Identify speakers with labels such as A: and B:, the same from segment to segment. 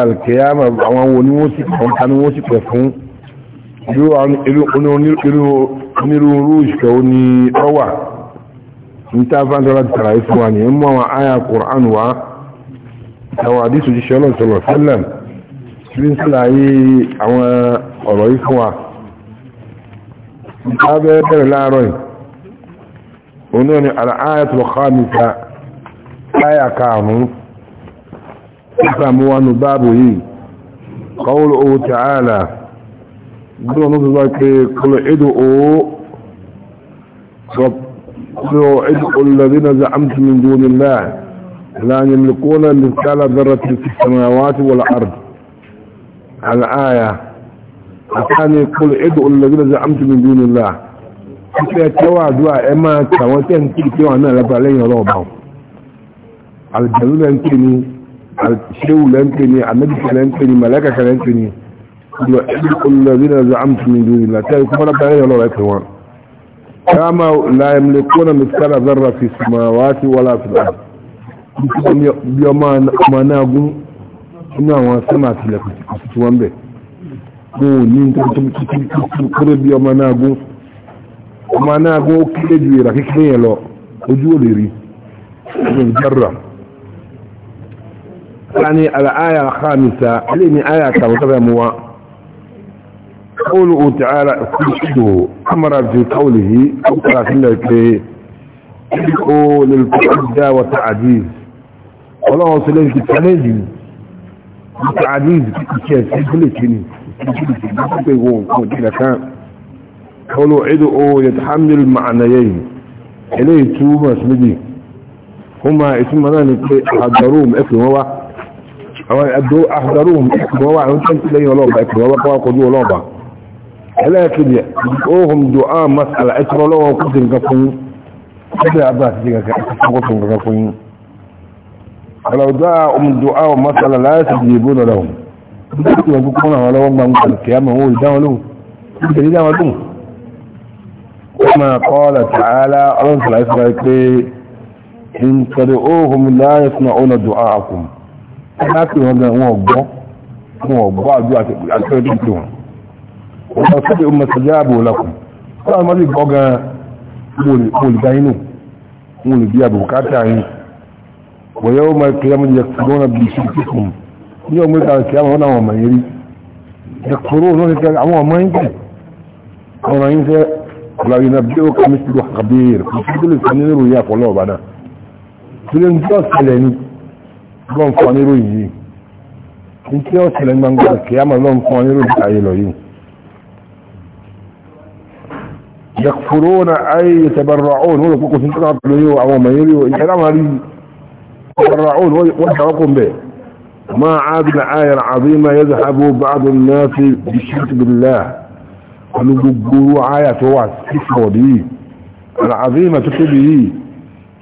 A: alkiyama àwọn wo ni wọ́n sì kọ̀ọ̀ta ni wọ́n sì pẹ̀ fún onírúurú ìṣẹ́ ní ọwà ní tàbátọ́lá ti tàràí fún wa ní mọ́ àwọn àyà kùránù wa àwọn àdísù jíṣẹ́ ọlọ́sọ̀lọ̀ sílẹ̀ tí ń sílàyé àwọn ọ̀rọ̀ yìí fún wa lábẹ́ bẹ̀rẹ̀ láàárọ̀ yìí onírìn àlàáyà tó kọ́ فهموان بابه قوله تعالى قلوا نظرك قل ادعوا قلوا عدو الذين زعمتم من دون الله لا يملكون مثال ذرة في السماوات والأرض الآية الثاني قل عدو الذين زعمتم من دون الله ìfẹ́ tẹ́wà àdúrà ẹ máa tàwọn tẹ́ ń kí tẹ́wà náà lábàá lẹ́yìn shehu lẹ́ńpẹ́ ni anabisa lẹ́ńpẹ́ ni mẹ́lẹ́kàkà lẹ́ńpẹ́ ni ìlú olùlọ́dún ẹ̀zọ́ àmtùmí lórí látẹ́rì kúmọ́ náà bẹ̀rẹ̀ lọ́rọ̀ ẹ̀pẹ̀ wọn kama la yamlikuna mithqala dharra fi samawati wala fil ard bí ọmọ anágún inú àwọn sẹ́mà àtìlẹ̀ kò sí wọn bẹ̀ wọn ò ní nítorí kúrò bí ọmọ anágún ọmọ anágún ó kéré ju ìrà kékeré yẹn lọ ojú ò lè rí dharra يعني الآية الخامسة لأن آية كمتبع موا قوله تعالى كله أمر في قوله أمر في قوله تدعو للتعدى والتعديز والله سلم في سلام كتاليجي في كتاليجي كتاليجي كتاليجي قولوا ادعو يتحمل المعنيين إليه توما اسمدي هما اسمنا نتحضروهم هو àwọn àdó àdàrúhùn ìpínlẹ̀ wà ní tẹ́ntì lẹ́yìn ọlọ́ọ̀bà ìpínlẹ̀ wà kọ́wà kojú ọlọ́ọ̀bà ẹlẹ́ẹ̀kejì ohun dùn án masala ẹ̀tọ́rọ lọ́wọ́ kó ti nǹkan fún yín ẹgbẹ́ àbá àti jẹ́gà kó ti nǹkan fún yín ọlọ́dọ́ ohun dùn án masala láti di ìbò lọ́dọ̀ wọn bí kí wọ́n kúkú náà lọ́wọ́ bá pè wọn gan wọn gbọ́ wọn gbọ́ àdúrà àtẹ́rẹ́ tó pè wọn wọn lọ sọ́dọ̀ ọmọ sọ́jà ààbò lọ́kùn wọn làwọn ti gbọ́ gan mo lè dáyé nù mo lè bí àbùkátà yín wọ́n yẹ́wọ́ máa kí ẹmọ yẹ kúrò náà bí ṣe kí fún ní ọmọ ìta kí ẹmọ náà wọ́n máa yẹ kúrò náà ní kẹ́kẹ́ àwọn ọmọ yín kẹ́ ọmọ yín fẹ́ ọ̀làwìn náà bí ó kà mí sí rẹ̀ kò sí tó lọ́n fún aníró yìí ní tí ó tẹ̀lé gbangba kìyàmà lọ́n fún aníró yìí ayé lọ yìí yàkùfúrónà ayé tẹbàràún wọ́n kókò sí tọ́nà pẹ̀lú yóò àwọn ọmọ yìí rí ìkẹ́lámà rí tẹbàràún wọ́n tàwọ́kùn bẹ̀ ma àdùnà ayé àzíma yẹ zàbó bàdùn náà fi bishirti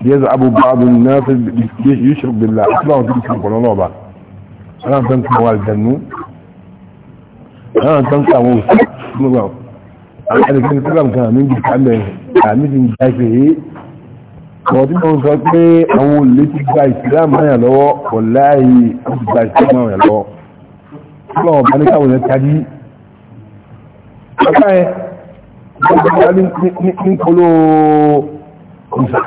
A: يذهب بعض الناس يشرك بالله اطلعوا تلك القرآن بعض انا تنسى والدنو انا تنسى وصف انا كنت كلام كان من جيت عمي عميز جايفه kọ̀ọ̀tí mọ̀ sọ pé àwọn olè ti gba ìsìlámù náà lọ́wọ́ ọ̀láì àgbà ìsìlámù náà lọ́wọ́ ọlọ́wọ́ bá ní káwọn ẹ̀ tají ọ̀pá ẹ̀ ọjọ́ ìgbà ní kóló ọ̀sà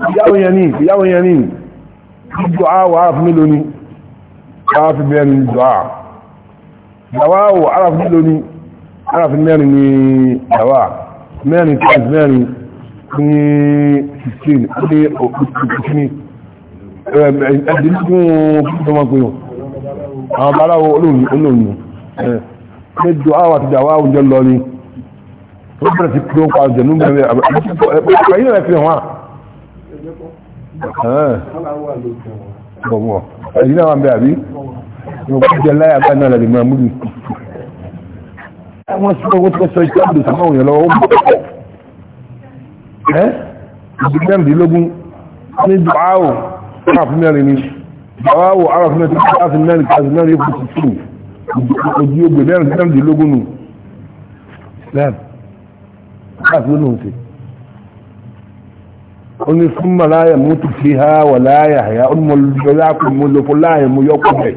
A: ìyàwó yẹn ní ìyàwó yẹn ní ìjọ àwọ̀ aráf mélòó ní aráf mẹ́rin ìjọ à ìyàwó àwọ̀ aráf mélòó ní aráf mẹ́rin ní ìyàwó mẹ́rin times mẹ́rin ní 16 ó dé òkùnkùn ní ẹ̀ẹ́dínlógún ọmọ pé àwọn baláwo olóòmù mẹ́jọ àwọ̀ àti ìjàwó àwùjọ lọ ní ó bẹ̀rẹ̀ sí kúrò pa àjẹ̀nú bẹ̀rẹ̀ àbẹ̀rẹ̀ bọ̀bọ̀ ẹ̀yìn náà wà ń bẹ àbí mo kọ́ jẹ láyà bá náà lẹ́gbẹ̀ẹ́ máa múlù wọ́n sọ owó tó sọ ìjábù sọ́mọ́ òyìn lọ́wọ́ ó bọ̀ ẹ́ ìdígbẹ́mìdínlógún ní dùáwò aráfúnmẹ́rin ni dùáwò aráfúnmẹ́rin káfínmẹ́rin káfínmẹ́rin fún ti ojú ogbè mẹ́rin mẹ́rìndínlógún nù lẹ́m káfínmẹ́rin ó ní súnmọ́ láyẹ̀ mú tó fi ha wà láyẹ̀ àyà ó ní mo lọ láàpù mo lọ fún láyẹ̀ mo yọ kú bẹ̀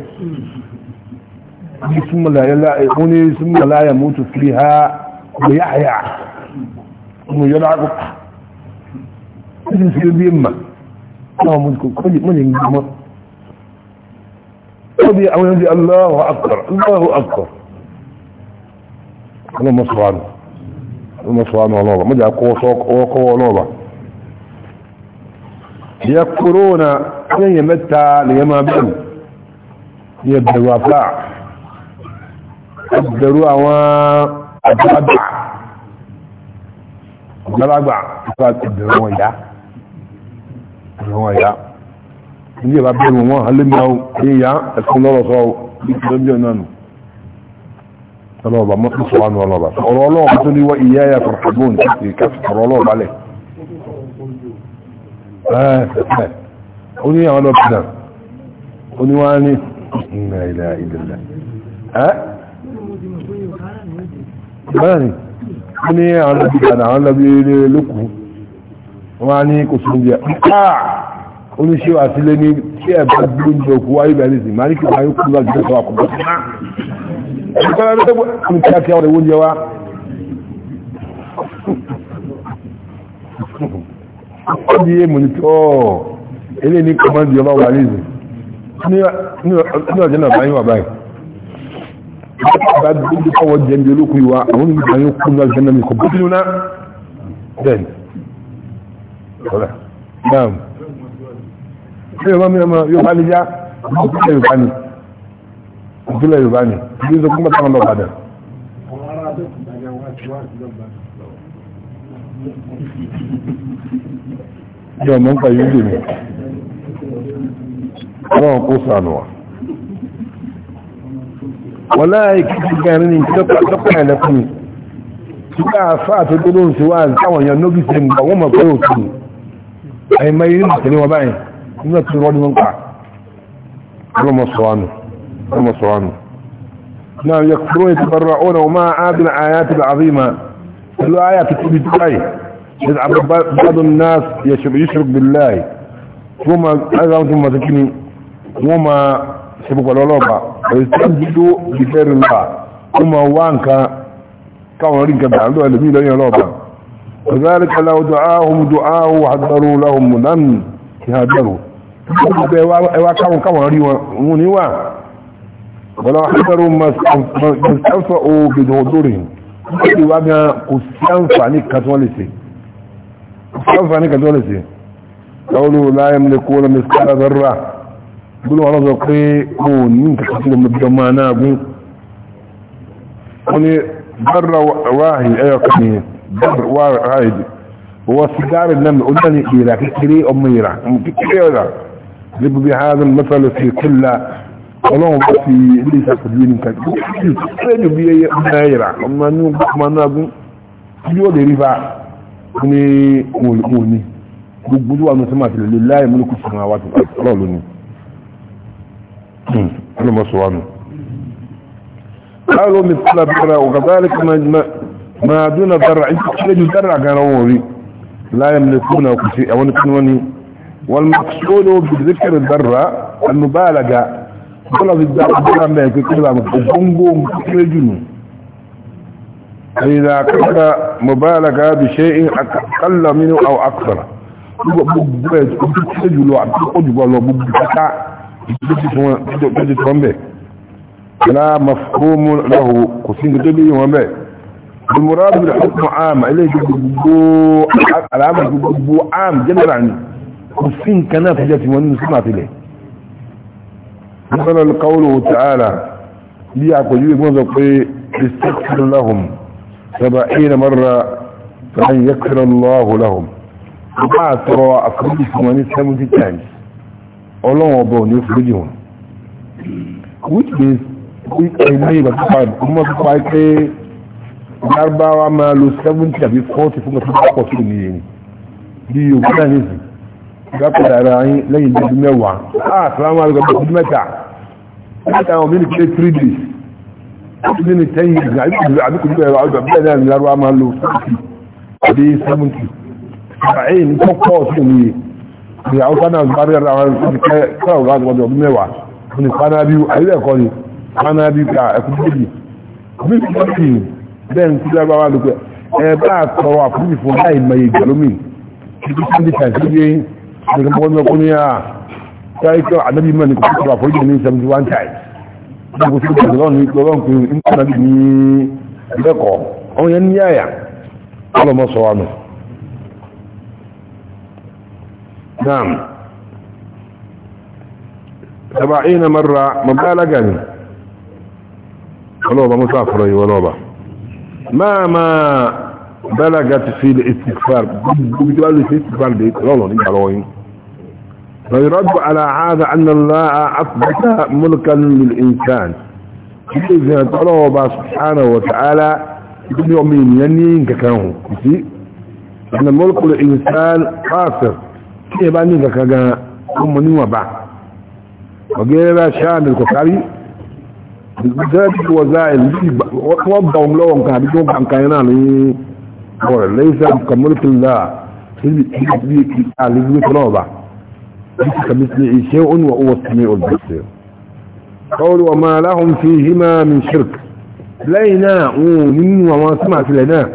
A: ó ní súnmọ́ láyẹ̀ mú tó fi ha wà yà àyà mo yọ láàpù ó sì sí bí mà náà mo kò kọ́ mo lè ń gbọmọ́ ó bí àwọn ẹni Allahu akbar yakfuruna yan yamatta li yama bin yabdu wafa abdaru awa abdaba balagba ka abdaru won ya won ya ni ba bi won halim yawo ni ya ko lo so don jo nanu Allah ba mu subhanahu wa ta'ala Allah Allah tuni wa iyaya farhabun fi kaf Allah ba alayhi ó ní àwọn ọlọ́pìdà ó ní wá ní ìrìnà ilẹ̀ ìdìlẹ̀ bẹ́ẹ̀ni ó ní àwọn ọlọ́pìdà àwọn ọlọ́pìdà lókù wọ́n á ní kò sún jẹ́ ó ní ṣe wà sílé ní tí ẹ̀ bá gbé oúnjẹ òkú wáyé bẹ̀rẹ̀ sí ní kí ọdí yé mú ní tọ́ ilé ní kọmọ́dì ọba wà nìyí ní ọjọ́ náà báyìí wà báyìí bá dúdú kọwọ́ jẹ́ ní olókùn ìwà àwọn olùgbà yóò kú náà jẹ́ náà kò bó bínú náà then ọ̀rẹ́ náà ṣé yorùbá mi ọmọ yorùbá lè já ìpínlẹ̀ yorùbá ni ìpínlẹ̀ yorùbá ni ìdí sọ kúmọ̀ táwọn lọ́gbàdàn àwọn ará
B: tí ọmọ ń pàyé lè mú
C: ọlọ́run kó sànùwà
A: wọ́n láàáyé kíkí gẹ̀rin ní ìjọpọ̀ ẹ̀lẹ́kùn ṣíkà fáà tó tó lóhùn sí wá táwọn èèyàn nóbi ṣe ń gbà wọ́n mọ̀ pé òtù àìmọ ilé màtẹ̀lé wọn báyìí nígbà tó rọ́ ní wọn pa ọlọ́mọ sọ̀wánù náà yẹ kúrò ìtìbọ̀rọ̀ ọ̀nà ọmọ ààbìn يزعم بعض الناس يشرك بالله ثم هذا ثم سكني وما سبق الولوبة ويستنجد بخير الله ثم وانك كون رينك بعضو الذين لا يلوبة وذلك لو دعاهم دعاه وحذروا لهم لم يهدروا وكون كون رينوا ولو حذروا ما استنفعوا بحضورهم وكون كون رينوا kò sí àǹfààní kan tí wọ́n lè ṣe amfani ka dole ce kawo la yamliku la miskala zarra gbogbo wọn sọ pé o ní kàkà sí ọmọ ìjọ máa náà gún wọn ni bára wáhì ẹyọ kàní wáhì wọ́n sí dáre náà ó dá ní ìrà kékeré ọmọ ìrà kékeré ọ̀dà níbi bí hàzán mẹ́sàlẹ̀ sí kílá ọlọ́run bá fi ilé ìsàkójú ní kàkiri bí ẹyẹ ọmọ ìrà ọmọ náà gún yóò lè rí bá ní òòlùkún òní gbogbo tó wà ní sọ́mà àti lè láì múlùkù sọ́mà wà tó ọlọ́ọ̀ lónìí ọlọ́mọ sọ wà nù. báwo mi fúnra bẹ̀rẹ̀ ọ̀gá báyìí kí máa dúnà bẹ̀rẹ̀ àti kílẹ̀ ju bẹ̀rẹ̀ àgàrà wọn rí láì múlùkù náà kù sí àwọn kí wọ́n ní wọ́n mú sóòlù bìrìkẹ̀rẹ̀ bẹ̀rẹ̀ àmúbáyàlàgà bọ́lá fi dá ọgbọ́n mẹ́ẹ̀kẹ́ kílẹ̀ فإذا كان مبالغة بشيء أقل منه أو أكثر لا مفهوم له كسين كتبه وما المراد بالحكم عام إليه جبو العام جبو عام جنرال عني كسين كانت حجاتي وانين سمعت إليه مثلا قوله تعالى ليعقوا جيب منذ قوي استغفر لهم سبعين مرة فأن يكفر الله لهم ما ترى أكبركم أن يسلموا في تاني ọlọ́wọ̀n ọbọ̀ ní òfúrújì wọn which means ilé ìgbàkúfàd ọmọ pípa pé lárúbáwá máa lo seventy àbí forty fún ọtí bá pọ̀ sí òní yẹn bí yorùbá náà ní ìsìn ìgbàkúfàd ara yín lẹ́yìn ìdíjú mẹ́wàá ah sàlámù alẹ́kọ̀ọ́ mẹ́ta mẹ́ta àwọn mílíkì three days ní ní tẹ́yìn ìgbà àbíkù ní ẹ̀rọ àjọ bẹ́ẹ̀ náà ní lárúwá máa lo 60 àbí 70 àbáyé ní tó pọ̀ sí òun yìí ní àwọ́sá náà bá rẹ̀ àwọn ìkẹ́kọ̀ọ́ láti wọ́n ọdún mẹ́wàá ní fanábíu àyílẹ̀kọ́ ni fanábíu ká ẹkùn méjì bí i pọ́sì bẹ́ẹ̀ ní tílẹ̀ bá wà lópe ẹ bá tọrọ àfúrúfú fún láì mọ ìgbà lómi ibi tí ní kàìsí yé ní kí wọ́n mẹ́kún ní à táyé kí àdábì mẹ́rin kò tó tọrọ àfúrúfú ní 71 times gbogbo tí ó lọ́nà ìpò ọlọ́run pé ń kọ́ náà ní ẹ̀kọ́ ọmọ yẹn ní àyà ọlọ́mọ sọ wa nù naam saba ina marra mabalaga ni ọlọ́ọ̀bá musa fọ́rọ̀ yìí ọlọ́ọ̀bá máa máa balaga ti fi istighfar gbogbo tí wọ́n lè fi nígbà lọ́wọ́ yìí فيرد على هذا أن الله أثبت ملكا للإنسان إذا طلب سبحانه وتعالى كل يومين ينين ككانه أن ملك الإنسان قاصر كيف أن يكاكا أمني وبع وغير شان الكفاري بذلك وزائل وضعهم لهم كهبتهم عن كينان ليس كملك الله في الإنسان ليس كمثله شيء وهو السميع البصير قول وما لهم فيهما من شرك لينا ومن وما سمع في لنا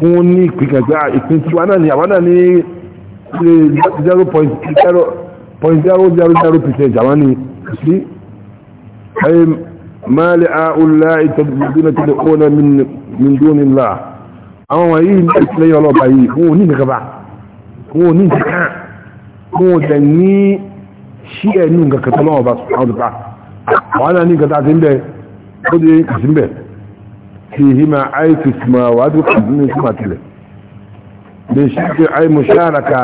A: فوني كجاء اكنت وانا ني وانا ني 0.0 جواني في اي ما لهؤلاء تدعون تدعون من من دون الله àwọn yìí ní ìsìlẹ̀yìn ọlọ́ba yìí wọn ò ní nìkan bá wọn ò ní nìkan mo dẹ̀ ní ṣí ẹnu nǹkan kẹta lọ́wọ́ bá sùn àwọn àwọn náà ní nǹkan tàbí ń bẹ ó dé kàtí ń bẹ fi hima aifi suma wájú kàtí ní suma tilẹ̀ lè ṣe pé ai mo ṣáraka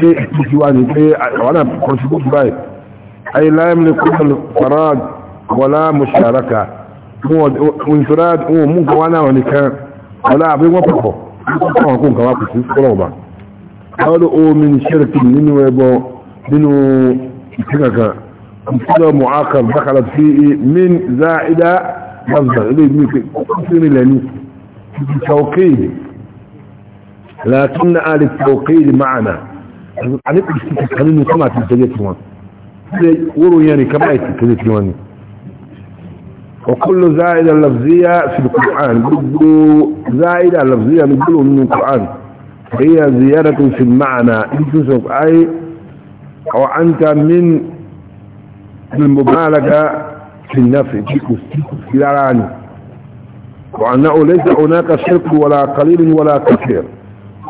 A: pé ìpìsí wa ní pé àwọn náà kọ́ sí kó báyìí ai láyé ní kúrò farad wọlá mo ṣáraka ìfìrad òun mú nǹkan wá náà nìkan wọlá àbí wọ́n pọ̀ pọ̀ wọ́n kó nǹkan wá kò sí kọ́lọ̀ ọ̀bà قالوا او من شرك من ويبو بنو شركة امثلة معاقب دخلت فيه من زائدة مصدر اليه من كثير لاني توقيد لكن آل التوقيد معنا عليك تتكلم كما الجديد واني وروا يعني كما يتكلم واني وكل زائدة لفظية في القرآن بدو زائدة لفظية نقوله من القرآن هي زيادة في المعنى يوسف أي أو أنت من المبالغة في النفي يعني وأنه ليس هناك شرك ولا قليل ولا كثير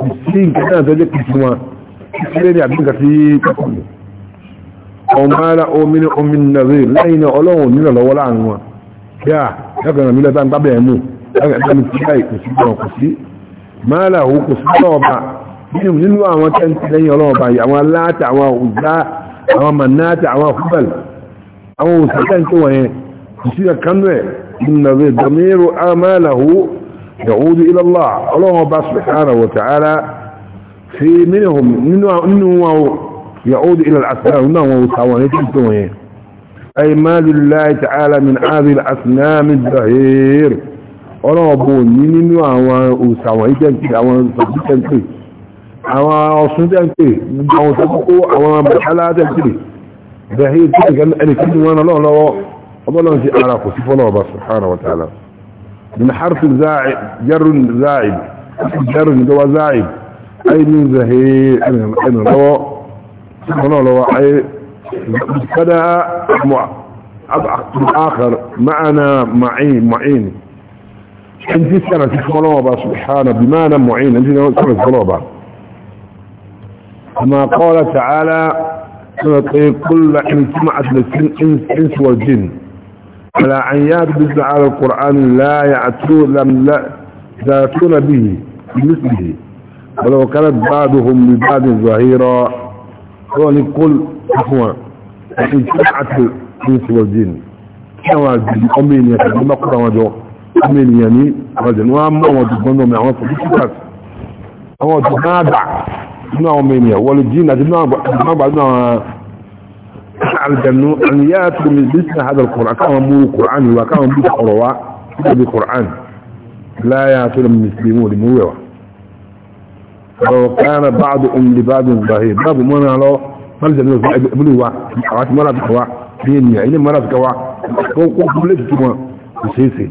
A: السين كان ذلك اسمه كثير يعدين يعني في تقوله وما لا أؤمن أم النظير لأين أولون من الله ولا عنه يا يقنا ملتان طبيعي مو يقنا من مو ماله له كسوبا منهم نلو أما كانت لي ربا أما لات أما وزاء أما منات أما خبل أما وسكان كوه يصير كنوه إن ضمير أماله يعود إلى الله الله سبحانه وتعالى في منهم إنه يعود إلى الأسلام إنه سوانيته أي مال لله تعالى من هذه الأسنام الزهير ọlọ́ọ̀bọ̀ òní nínú àwọn òsàwọ̀n ìjẹ́ǹtì àwọn òsàwọ̀n tẹ́ǹtì àwọn ọ̀sùn tẹ́ǹtì àwọn òsàkókó àwọn bàtálá tẹ́ǹtì bẹ̀rẹ̀ tẹ́ǹtì ẹnìkan ni wọ́n lọ́wọ́ ọbọ̀lọ́n sí ara kò sí fọ́lọ́ ọba subhanahu wa ta'ala min harfi jarun za'ib jarun gawa za'ib ay min zahir ẹnu lọ́wọ́ fọ́lọ́ lọ́wọ́ ay kada mu akar ma'ana ma'in ma'in انت سنة خلوبة سبحانه بمانا معين انت سنة خلوبة كما قال تعالى كل ان سمعت لسن انس والجن على عيات يثبت على القرآن لا يأتون لم لا يأتون به بمثله ولو كانت بعضهم لبعض ظهيرا كل اخوة ان سمعت الانس والجن كما الجن امين يتبقى قرآن ọmọ ènìyàn ní ọ̀dẹ̀ ni wọ́n mú àwọn ọ̀dùnkún náà àwọn politikas àwọn ọ̀dùnkún àgbà nínú àwọn ọmọ ènìyàn wọlé jíìn àti nínú àgbà nínú àwọn aljannu an ya tu min bisna hada alquran kama mu alquran wa kama mu qurwa bi alquran la ya tu min muslimu li muwa wa kana ba'dhum li ba'dhin zahir babu mana lo bal jannu ibnu wa awat mara bi wa bin ya ila mara bi wa ko ko kullu tuma sisi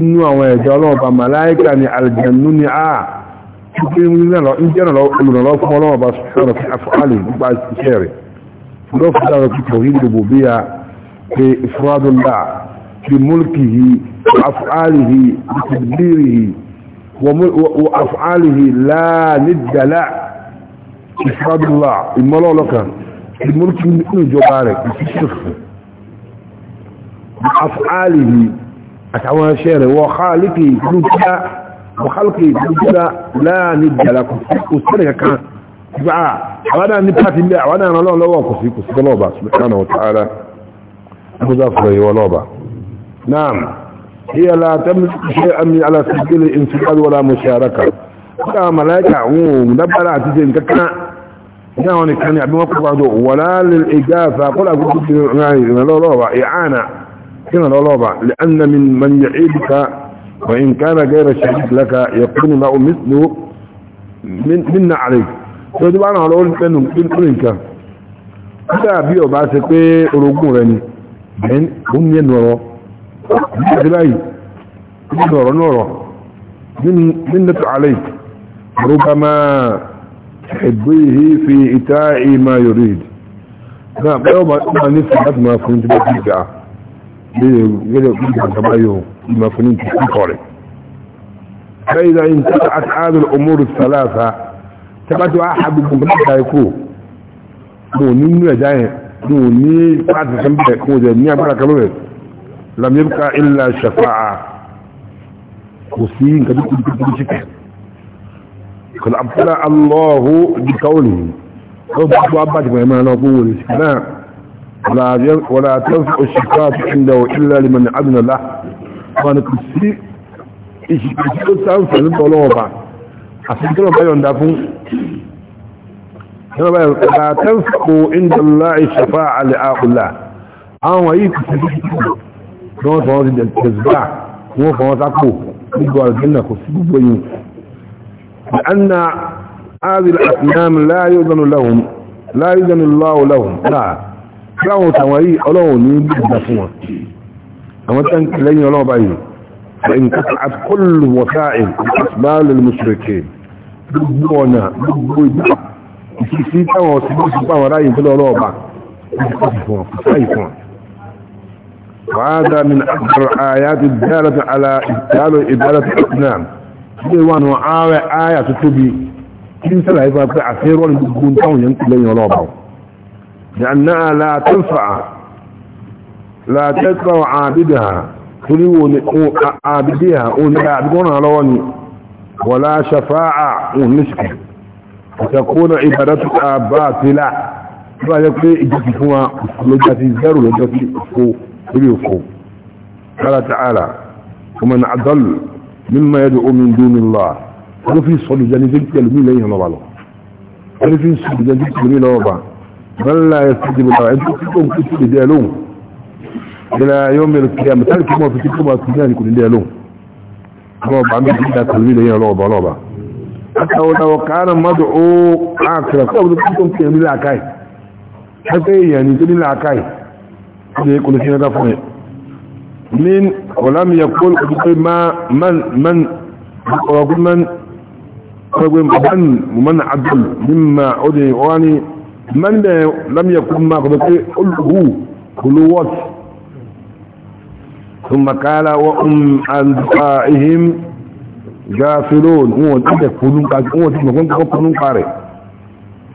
A: nínú àwọn ẹ̀dọ́ ọlọ́ọ̀bá màláíkà ni aljannu ni a ṣíkí olùrànlọ́ fún ọlọ́ọ̀bá sọ̀rọ̀ sí afọ́lẹ̀ nípa iṣẹ́ rẹ̀ lọ́fọ́dára kí kò hídò bò bí a pé ìfúrádùnlá fi múlkìhì afọ́lìhì ìtìbírìhì afọ́lìhì láànídàlá ìfúrádùnlá ìmọ́lọ́ọ̀lọ́kan ìmúlkìhì nínú ìjọba اتعوى شير وخالقي جدا وخلقي جدا لا ندى لكم وصرك كان دعاء وانا نبات الله وانا لو لواكو فيكو سبلوبا سبحانه وتعالى مزافري ولوبا نعم هي لا تملك شيئا من على سبيل الانسان ولا مشاركة ولا ملايكة عموم نبالا تزين ككنا ياوني كان يعبي وقف ولا للإجافة قل أقول لك نعم إعانة كنا الألوبة لأن من من يعيدك وإن كان غير شريك لك يكون ما مثله من منا عليك فيجب أنا على أقول أنهم كنك إذا بيو باسكي أروقون رني بين هم ينورو بيجبائي ينورو نورو من منة عليك ربما تحبيه في إتاء ما يريد نعم يوم أنا نفسي ما كنت بكيك gẹ́gẹ́ bí ìjọba yóò ma fún ní فإذا انتفعت هذه الأمور الثلاثة واحد أحد الجمهورية يكون مونين جاي مونين بعد سنبه يكون ني بارك الله لم يبقى إلا الشفاعة وسين كده كده كده قد أبطل الله بقوله رب أبطل أبطل ما يقول لا ولا تنفع الشفاعة عنده إلا لمن عدن له wọ́n kò sí ìṣìkàtí ó sáǹfẹ̀ nípa ọlọ́ọ̀bà àti ìjọba báyọ̀ ń dá fún ìjọba báyọ̀ bá tẹ́ǹfò ìjọba ìṣẹ̀fà alẹ́ àkùlà àwọn yìí kò sí ìṣìkàtí wọ́n fọwọ́ sí jẹ̀sìbá wọ́n fọwọ́ sápò gbogbo àrùjẹ́nà kò láwọn tàwọn yìí ọlọ́run ní gbígbà fún wọn àwọn tán lẹ́yìn ọlọ́run báyìí lẹ́yìn kásá kọlù wọ́sáìn ìpàsíbáàlù mùsùlùmí gbogbo ọ̀nà gbogbo ìgbà ìfìsí táwọn ọ̀sìn ló وهذا من أكبر آيات الدالة على إبتال إدالة الإسلام ilé wà ní ààrẹ ayà tó tóbi kí ń sẹ́lẹ̀ ìfẹ́ àfẹ́rọ́ لأنها لا تنفع لا تنفع عابدها تريون عابدها ونعبدون علوني ولا شفاعة ونشك وتكون عبادتها باطلة فيقول إجتفوا لجاتي زر لجاتي أفو تريفو قال تعالى ومن أضل مما يدعو من دون الله قالوا صلو جانبين تلمي ليهم الله قالوا صلو جانبين تلمي ليهم الله من لا يستجيب له انتم كنتم كنتم ديالهم الى يوم القيامه تلك ما في كتب القران يكون ديالهم هو بعمل كده تلميذ هنا لعبه لعبه حتى لو كان مدعو عاقلا قبل كنتم تعملوا لعكاي حتى إيه يعني تقول لعكاي يقول شيء ده من ولم يقول ما من من وقل من ومن عدل مما عدل واني من لم يكن ما قلت كل وقت ثم قال وهم عن دعائهم غافلون هو تكفلون هو تكفلون قاري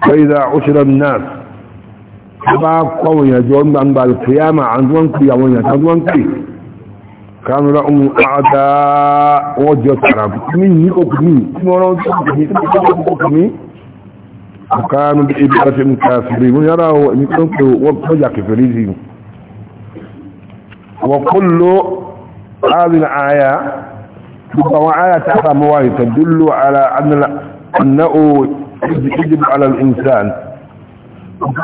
A: فإذا عشر الناس فبا قوي يجون عن بعد القيامة عن ذنك يا وين عن ذنك كانوا لهم أعداء وجه العرب من يقوم من يقوم من يقوم وكانوا بإبارة كافرين يراه أن يكونوا وفجع كفريزين وكل هذه الآية تبقى وآية تعالى مواهي تدل على أن أنه يجب على الإنسان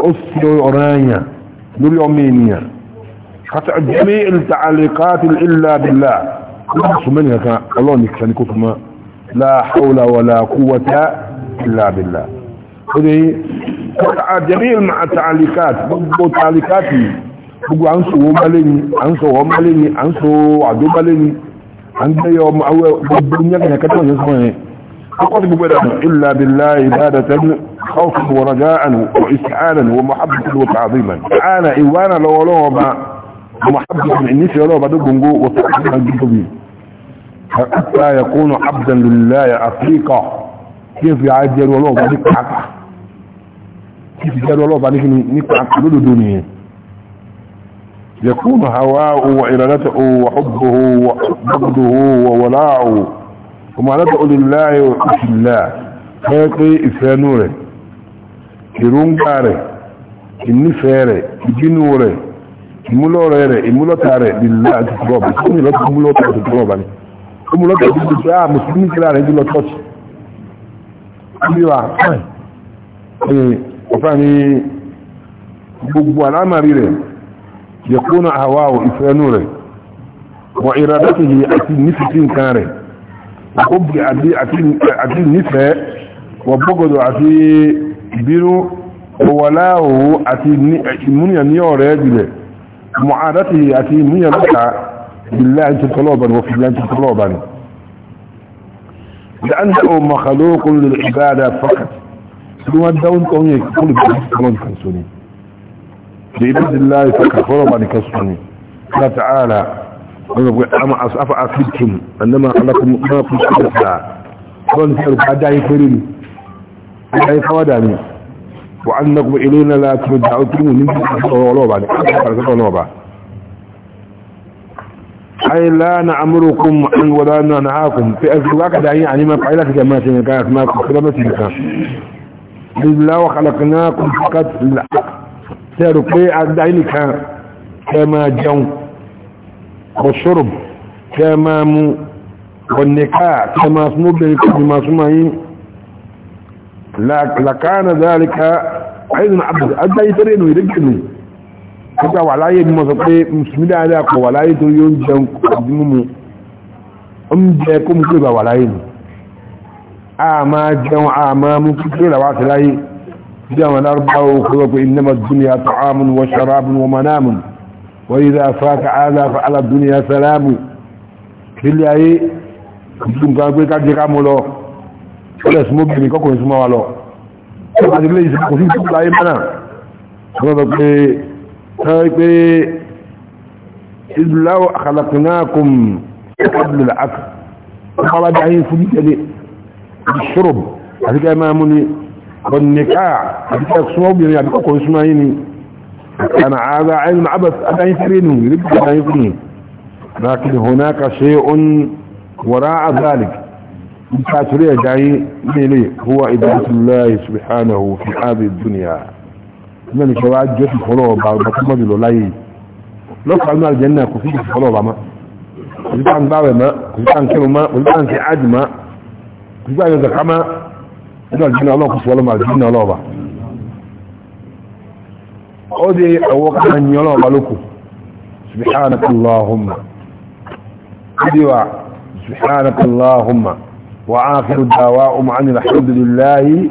A: أسر أورانيا نور يومينيا قطع جميع التعليقات إلا بالله منها كان الله نكسنكم لا حول ولا قوة إلا بالله ودي جميع التعليقات gbogbo tàlíkàtì gbogbo à ń sòwò mọ́lé ni à ń sòwò mọ́lé ni à ń so àdó mọ́lé ni à ń gbẹ́yọ ọmọ awẹ́ gbogbo nyẹ́kẹ̀ẹ́ kẹtọ́ yẹn sọ́rọ̀ yẹn ọkọ̀ sí gbogbo ẹ̀dàmù illa billahi ibadatan khawfan wa raja'an wa isti'anan wa mahabbatan wa ta'ziman ana kìí jẹ́rọ ọlọ́ọ̀bá ní kíni nípa lódòdó nìyẹn يكون هواه وإرادته وحبه وبغضه وولاعه ومعناته لله وحب الله فيقي إفانوره كرونكاره كنفاره كجنوره كمولوريره كمولوتاره لله تتراب كمي لا كمولوتاره تتراب كمولوتاره تتراب مسلمين كلا رجل الله تتراب أبيوا أي ọ̀fà ni gbogbo alámàrí rẹ̀ yẹ kóná àwáwọ̀ ìfẹ́nú rẹ̀ wọ ìrádátìyí àti nífìtí nǹkan rẹ̀ ọkọ̀bì àti nífẹ́ wọ bọ́gọ̀dọ̀ àti ìbínú ọwọ̀láwò àti ìmúyàníyàn rẹ̀ jùlẹ̀ mọ̀ àdátìyí àti ìmúyàn لأنه مخلوق للعبادة فقط bí wọ́n dáwọn tó ń yẹ kúrò bí wọ́n kọ́ nìkan so ni da ibi dìlá ìfẹ́ kàfọ́rọ̀ bá nìkan so ni ta ta'ala wọ́n gbogbo ama asafa afrikin annama alakun mara kun shi da ta wọ́n fi rufa dáyé fere ni dáyé fawada ni wa an na kuma ilé na latin da aukimu ni نأمركم أن ولا ننهاكم في أسلوبك دعي يعني ما قيلتك ما تنكاك ما بالله وخلقناكم فقط للحق سيروا كي أقدعيني كما جو والشرب كما مو والنكاح كما اسمه بما اسمه لكان ذلك ايضا عبد ادى يترين ويرجعني كتا وعلى يد مصطي مسلمين عليك وعلى يد يوم قدمه ام جاكم كذا وعلى يد àmà jẹun àmà mú kí tí ó làwá sí láyé bí àwọn lárúbáwò kúrọ̀kù innama duniya ta'amun wa sharabun wa manamun wa idha faka ala fa ala duniya salamu kílẹ̀ ayé kùtùm kan pé ká jẹ ká mú lọ ó lẹ̀ súnmọ́ bìnrin kọ́kùnrin súnmọ́ wa lọ ó lè yìí kò sí tó mọ́nà wọ́n sọ pé الشرب هذيك مني النكاح هذيك الصوب يعني هذيك يعني كل اسمعيني انا هذا علم عبث انا يفرينه يبقى يفرينه لكن هناك شيء وراء ذلك الكاتريه جاي ليه هو اداره الله سبحانه في هذه الدنيا من شواهد جت الخلوه بعد ما تمضي له لاي لو قالوا الجنه كفيك الخلوه ما كفيك عن ما كفيك كلمه كفيك عن في عدم بعد ذلك عما إذا الجنة الله قصوى لما الجنة الله با قدي أوقعني الله بلوكو سبحانك اللهم قدي وع سبحانك اللهم وآخر الدواء معني الحمد لله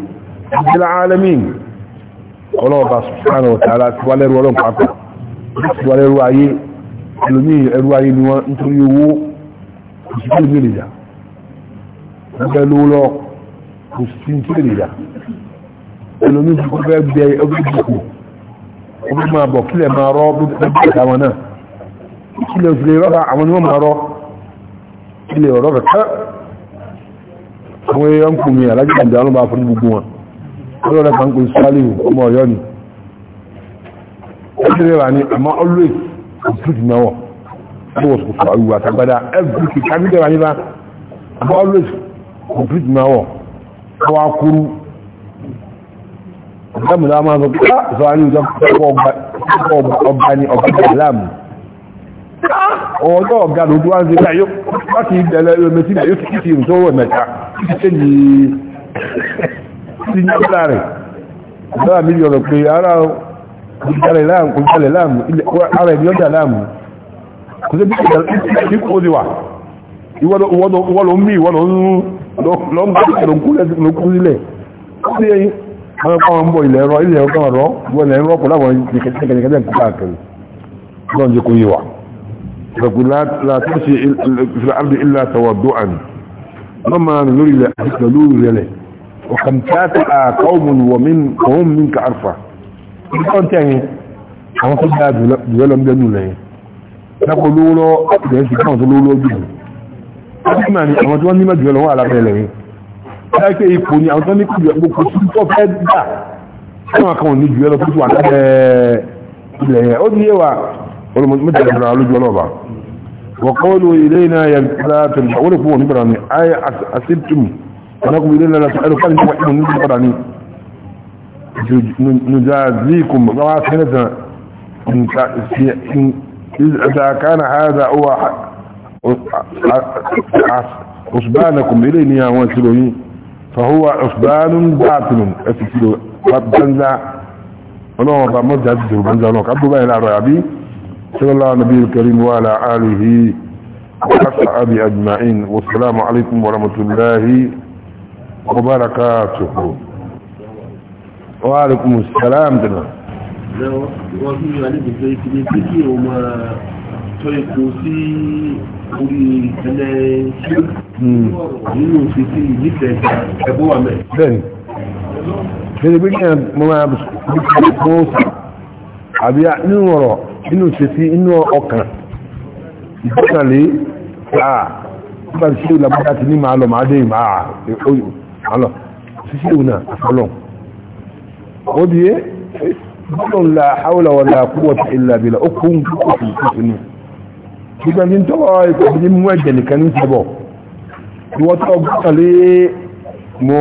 A: عبد العالمين الله با سبحانه وتعالى سبحانه وتعالى سبحانه وتعالى سبحانه وتعالى سبحانه وتعالى سبحانه وتعالى وعي bẹ lówó lọ kò sí ní tílé nìyà ẹlòmí ti kó fẹ́ bẹ ọgbẹ́ ìdìbò ọgbẹ́ máa bọ̀ kílẹ̀ máa rọ bí bẹ́ẹ̀ bí àwọn náà kílẹ̀ òsèlè rọ́bà àwọn ni wọ́n máa rọ kílẹ̀ ọ̀rọ̀ kẹ̀kẹ́ àwọn èèyàn kò mi àlájì àjà ọlọ́ba fún gbogbo wọn ọlọ́rẹ̀ kan kò sálẹ̀ ọmọ ọ̀yọ́ ni ẹgbẹ́ rà ní àmọ́ always complete mẹ́wọ̀ ẹgbẹ́ wọ́n sọ̀rọ̀ àwùwà àtàgbádá every kìkà ní dẹ̀rà ní bá àmọ́ always complete ma wọ̀ wá kúrú ọ̀gbẹ́mù náà máa sọ pé á ah, sọ àrí ìjọ ọba ni ọ̀gá ìlàmù ah! ọjọ́ ọ̀gá ló tó wá ń ṣe láyé láti ìdẹ̀lẹ̀ ẹlẹ́mẹ́ sí ìyẹ̀yọ́ sí ìrìn tó wọ̀ mẹ́ta ṣe ní sí nígbà rẹ̀ lọ́wọ́ mi yọ̀rọ̀ pé ara ìjàlẹ̀ láàmù ara ìjọjà láàmù kò sí bí ìjàlẹ̀ ìwọ́lọ̀ ń mí ìwọ́lọ̀ ń kú sílẹ̀ sí ẹyìn àwọn ọmọ ń bọ̀ ilẹ̀ ẹ̀rọ ilẹ̀ ọkọ̀ ọ̀rọ̀ ìwọ́lẹ̀ ẹ̀rọ pọ̀ láwọn ìkẹ̀kẹ̀kẹ̀ káàkiri lọ́n jẹ́ kó yé wa àwọn tó dáa jùlọ ń bẹ́nu lẹ́yìn lápò lówó lọ́wọ́ àti ìrẹsì káwọn tó lówó lọ́wọ́ jùlọ ọdún ni àwọn tí wọ́n nímọ̀ jùlọ lọ́wọ́ alábẹ́lẹ̀ rẹ̀ láìpẹ́ ipò ni àwọn tí wọ́n ní kúrò gbogbo tó fẹ́ dà fún àkàwọn ní jùlọ lọ́wọ́ tó wà lábẹ́ ilẹ̀ yẹn ó ní yẹwà olùmọ̀tẹ̀lẹ̀ lójú ọlọ́ba إلينا لا تنحولوا فوق نبراني آية أسبتم ونقوم إلينا لا إذا كان هذا هو عثبانكم إليني يا وانسلوين فهو عثبان باطل أسكيلو بنزع ونوع رمز جديد بنزع نوك عبد الله العربي صلى الله نبي الكريم وعلى آله وأصحاب أجمعين والسلام عليكم ورحمة الله وبركاته وعليكم السلام دنا
B: لا wọ́n يعني wà ní gbogbo ìpínlẹ̀ orí ẹlẹ́ ṣíò hmm. nínú títí nífẹ̀ẹ́ ẹ̀bọ́ àmẹ́.
A: bẹ́ẹ̀ni bẹ́ẹ̀ni bí kí mo máa bí kí mo sà àbí nínú ọ̀rọ̀ nínú títí inú ọkàn ìgbọ́kànlé à nígbà tí ṣíò làbújá ti ní màá lọ màá dé ìmá àlọ́ ó di gbogbo ẹni tọ́wọ́ ikọ̀ ìdí mú ẹ̀jẹ̀ nìkan ní sẹ́bọ̀ ìwọ́n tó gbọ́kànlé mo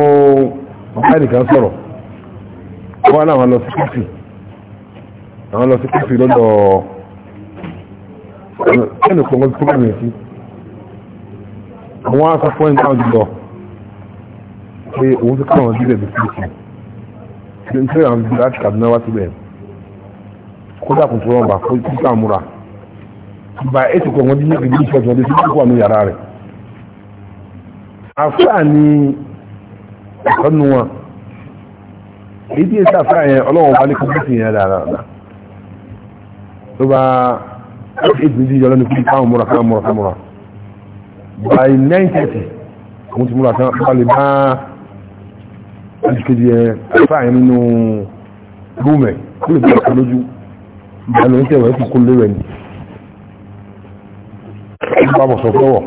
A: bá nìkan sọ̀rọ̀ wọ́n láwọn lọ sí kọ́fì àwọn lọ sí kọ́fì lọ́dọ̀ ẹnì kọ̀ọ̀kan tó kọ̀ọ̀kan sí àwọn aṣọ fún ẹni táwọn jùlọ pé òun ti káwọn jílẹ̀ bí kìí kìí ṣe ń tẹ́lẹ̀ àwọn jùlọ láti kàdúná wá síbẹ̀ kódà kùn tó rọrùn bá kó kíkà múra ìgbà ètò kan wọ́n díjẹ́ kìdí ìfọ́jọ́ ọdún títí kó wà ní yàrá rẹ̀ àfáà ni ẹ̀kọ́ nu wọn èyí tí èsì àfáà yẹn ọlọ́wọ́n wà ní kọ́mẹ́tì yẹn dáadáa tó bá ètò ìdí ìjọ lẹ́nu kí káwọn múra káwọn múra káwọn múra by nine thirty òun ti múra tán bá lè bá àdìkejì yẹn àfáà yẹn nínú rúmẹ̀ kó lè bá ọkọ̀ lójú ìgbà lóyún tẹ̀wẹ̀ lé rẹ̀ ni bá wọ̀ sọ fọ́wọ̀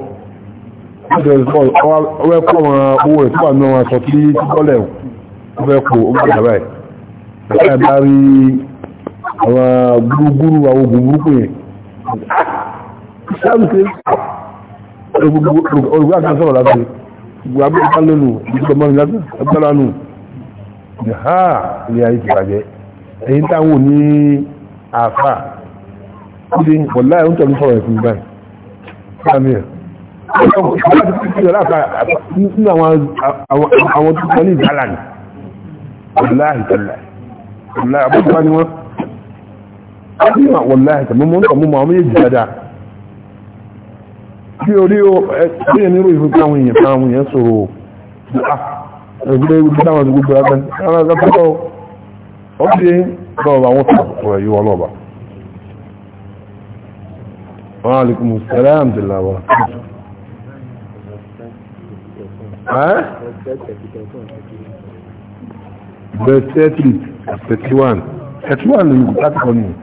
A: ọwọ́ ẹ̀kọ́ wọn owó rẹ̀ tó wà ní wọn sọ tí bọ́lẹ̀ ọwọ́ ẹ̀kọ́ ọgbà ìjàmbá ẹ̀ ẹ̀ka bá rí àwọn gúrúgúrú àwọn ogun burúkú yẹn sáàmùsí olùgbé àti sọ̀rọ̀ láti gbogbo abẹ́ká lẹ́nu ìgbà mọ́rin láti agbára nù ha ilé ayé ti bàjẹ́ ẹ̀yìn o ò ní àfà ó dé wọ̀láì ó ń tẹ̀lé sọ̀rọ̀ ẹ̀sìn báyìí ìsàmìyàn nínú àwọn tó kọ ní ìdálà ní wàláhìtàlá àbúkọ ni wọ́n àbúkọ wàláhìtà mọ́ mọ́ mọ́ àwọn méjì dáadáa bí orí o ẹgbẹ́ nírò ìfúnká àwọn èèyàn táwọn èèyàn sọ̀rọ̀ ẹgbẹ́ ìgbẹ́ táwọn gbogbo ẹgbẹ́ وعليكم السلام ورحمة الله وبركاته ها؟ بثلاثين بثلاثين بثلاثين اللي يقول لك قانون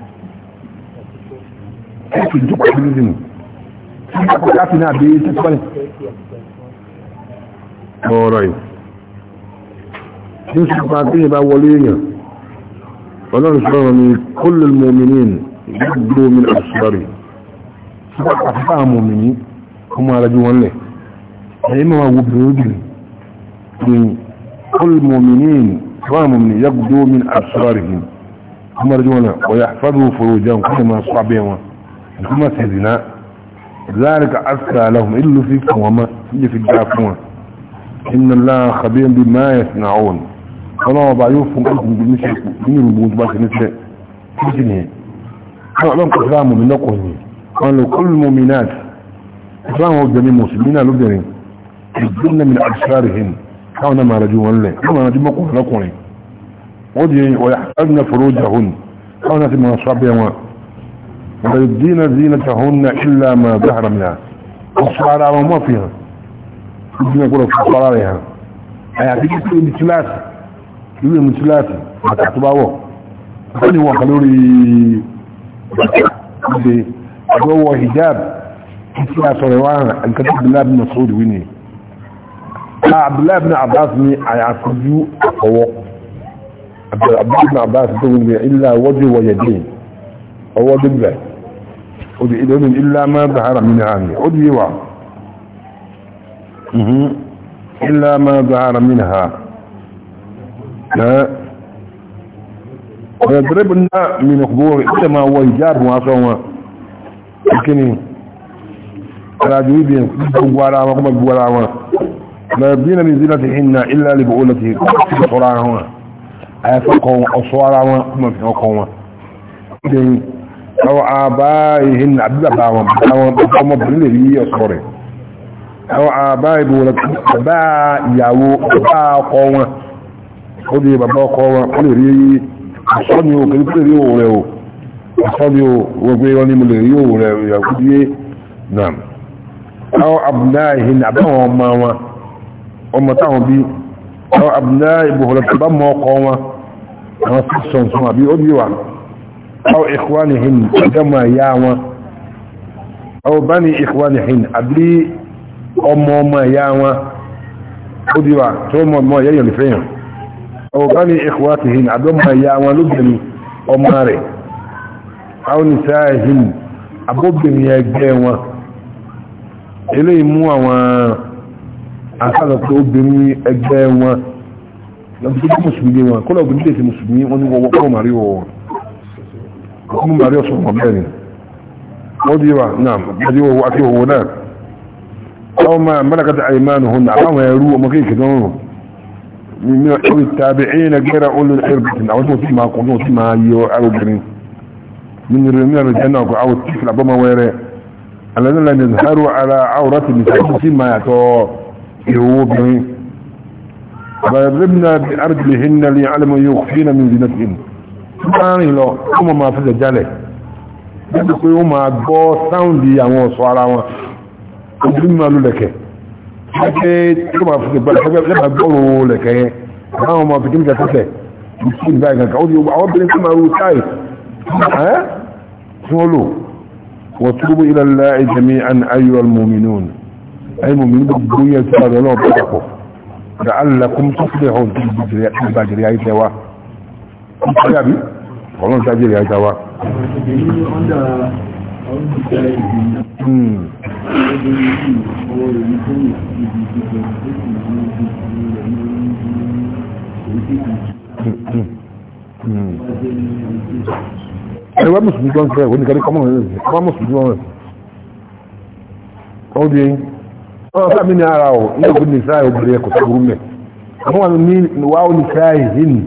A: كيف يدوك بلزم كيف تعرفنا بيه تتفلت ọ̀rọ̀ì tí ó sì pa tí ìbá wọlé èèyàn ọlọ́run sọ́rọ̀ ni kúlù mọ́mìnín gbogbo min àṣírí àfífà àmọ̀ mi ní ọmọ alájú wọn lẹ̀ ẹ̀yẹ́ mọ́ wa wo bìrì obìnrin ní olùmọ̀mìnì àwọn àmọ̀mìnì yàgùdó min àṣírárì hìn ọmọ alájú wọn lẹ̀ ọ̀yà fádù fòrò jẹun kí ma sọ abẹ́ wọn ìkúmọ̀ sí ìdìná zárika aska aláhùn ìlú fi kàn wọn mọ́ ìyẹ́ fi dá fún wọn inna láà kàbí bí قالوا كل المؤمنات إسلامه جميع المسلمين جميع يجبن من أبشارهم كون ما رجوا له كما رجوا مقول لكم ودي ويحفظن فروجهن كون ما منصب يوم ولا زينتهن إلا ما ظهر منها وصار ما فيها يبدين يقولوا في صلالها هيعطيك تقول بثلاثة يقول من ثلاثة ما تعتبعوه فكني هو خلوري بكي àgbọ́wọ́ hijab tí a sọ̀rọ̀ wá nǹkan abdullahi bin masoud wí ni ah, abdullahi bin abbas ni àyàfojú àfọwọ́ abdullahi bin abbas tó wù ní ilá wọ́jú wọ̀yẹ̀ dín ọwọ́ dúbẹ̀ ó di ilé ilá má bàárà mí náà ni ó di yíwa ilá má bàárà mí náà ويضربن من قبور إنما هو حجاب وعصوما kíni alájú ibi gbogbo ara wọn kọmọ gbogbo ara wọn lẹ́bí na bí zílá ti hinna wọn ara wọn fi wọn awa a na àbíbàbà wọn bàbá wọn bàbá ọmọ bìnrin lè ọkọ wọn ó di bàbá ọkọ wọn ni ọ̀sọ́bí wọ́gbé wọn ní mo lè rí òwò rẹ̀ ìyàgúdíé náà na abúláàhì àbáwọn ọmọ wọn ọmọ táwọn bí wọn àwọn sọ́sọ̀n sọ́n àbí ó bí wà àwọn ìkwánihìn ọjọ́mọ̀ wọn wọn ó wọn àwọn ìsáàhìn abóbìnrin ẹgbẹ́ wọn eléyìí mú àwọn àkàlọ̀pọ̀ obìnrin ẹgbẹ́ wọn lọ́pọ̀ mùsùlùmí wọn kọ́lọ̀ obìnrin tẹ̀sí mùsùlùmí wọn ni wọ́wọ́ fún màrí ọwọ́ fún màrí ọ̀sọ̀ wọn bẹ́ẹ̀ ni wọ́n di wa náà bẹ́ẹ̀ wọ́wọ́ àti òwò náà àwọn máa mẹ́lẹ̀kẹ́ta àìmánu hùn àwọn ẹrú ọmọ kéèkéé náà rùn من التابعين غير أولي الإربة أو تسمى قلوة ما يو أربعين من الرمية الجنة أو الطفل أبما ويري الذين لم يظهروا على عورة نسائهم ما يعطوا يهوبهم ويضربنا بأرجلهن ليعلموا يخفين من زينتهن سبحانه لو هم ما فزع جاله يقول يوم أبو ساوندي يا صارا وان أدرم ما لك حكيت كما فزع بل حكيت لما أقوله لك ما هو ما فكمك تسلي مسكين بايك أقول يوم أعوى بلنك قولوا وتوبوا إلى الله جميعا أيها المؤمنون أي مؤمنون بالدنيا سبحان الله لعلكم تصلحون الباجري أي سوا كتابي والله تاجري أي سوا Mm-hmm. ẹ wá mùsùlùmí tó ń fẹ́ òní kan ní kọ́mọ̀ rẹ̀ sí wá mùsùlùmí tó ń rẹ̀ sí. ó di ọ̀rọ̀ sáà mi ní ara ọ̀ ní òkú ní sáà obìnrin ẹ̀kọ́ tó burú mẹ́ àwọn wà ní wà ó ní sáà yìí nì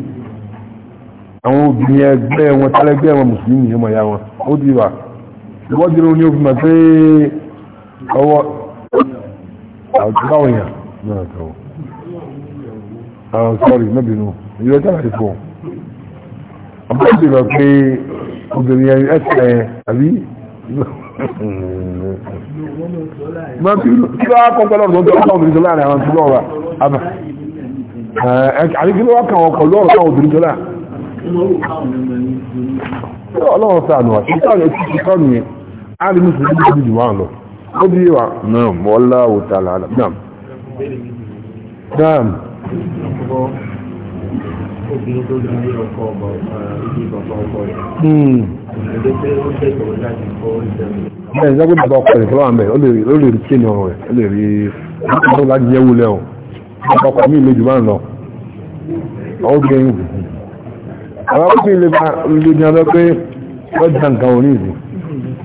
A: àwọn obìnrin ẹgbẹ́ wọn tálẹ́gbẹ́ wọn mùsùlùmí nìyẹn mọ̀ ya wọn ó di wa ìwọ́dìrò ní òfin mà pé ọwọ́ àwòyàn náà tó àwọn sọ́ọ̀rì mẹ́bìnú ìrẹ́tàlá ti fọ́ ọmọ ìdìbò pé obìnrin ẹ̀rí ẹ̀sẹ̀ àbí
C: kí ló
A: wá kọ́ pẹ́lú ọ̀dọ́ tó wá obìnrin tó láàrin àwọn tó lọ́wọ́ àbá àbí kí ló wá kàn ọkọ̀ lọ́rọ̀ táwọn obìnrin tó láàrin ọlọ́run sáà nù wá sí sáà yẹn ti kọ́ nìyẹn á rí mùsùlùmí tó ti jù wá lọ ó bí wà náà mọ́lá òtàlá náà
B: obìnrin tó ju ilé ọkọ ọgbọ eh, ibi bàbá ọkọ rẹ̀. ìgbẹ́
A: hmm.
B: pé ó tẹ̀sọ̀ láti kọ́ ìjẹun.
A: bẹ́ẹ̀ ìjọba bàbá ọkọ rẹ̀ fọlọ́wọ́n bẹ̀ ó lè rí kíni ọ̀rọ̀ rẹ̀ ó lè rí ọkọ láti yẹ wulẹ̀ o ọkọ mi lè máa ń lọ obìnrin àwọn obìnrin lè máa lè ní ọlọ́ pé wọ́n dá nǹkan òní ìsìn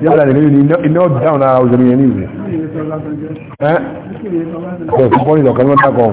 A: yóò dá nìyẹn ní iná dáhùn ara òṣèlú yẹn ní ìsìn ẹ́
C: ọ̀sán pọ́nì ìdọ̀kan ló ń dákọ̀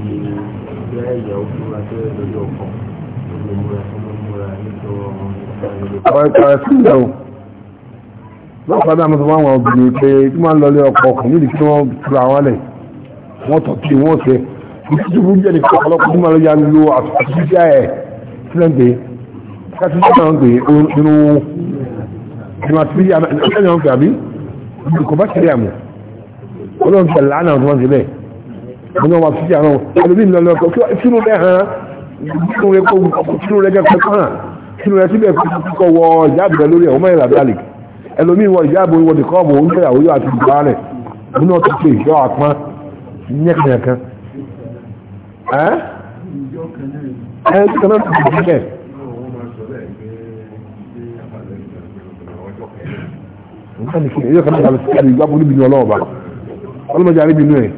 B: bí ẹ̀yàwó fúnra tó yẹ lórí ọkọ̀ lórí múra tó mọ́ múra nítorí ọmọ
A: ìgbà ìgbà ìgbà lọ́pàá mọ́sán máa wọn obìnrin pé tí wọ́n lọ lé ọkọ̀ ọkùn nílì wọ́n tura wọn lẹ̀ wọ́n tọ̀ tí wọ́n tẹ̀ ìtútù jẹ́ nìkan ọlọ́pàá tí wọ́n yá lo àtúntí ẹ̀ sílẹ̀ǹdẹ̀ káàtì tí wọ́n gbé nínú ìmọ̀tí ẹ̀yàn fẹ́ àbí kò bá ṣẹlẹ̀ àmọ́ ọlọ́run tẹ̀ lánàá tí wọ́n ti bẹ́ẹ̀ ọmọ wa fi àwọn ẹlòmí lọlọ kọ sínú rẹ hàn sínú rẹ kọ sínú rẹ kẹkọ hàn sínú rẹ síbẹ̀ kọ wọ ìjáàbù rẹ lórí ọmọ ìlà dalik ẹlòmí wọ ìjáàbù wọ dìkọ́ ọmọ oúnjẹ ìyàwó yóò àti ìgbà rẹ òun náà ti pè yọ àpọn nyẹkẹnyẹkan ẹ ẹ ti kaná ti dùn kẹ. nǹkan nìkan èyí kan náà ti ká lè gbá fún níbi ní ọlọ́ọ̀bà ọlọ́mọdé àríbi inú ẹ̀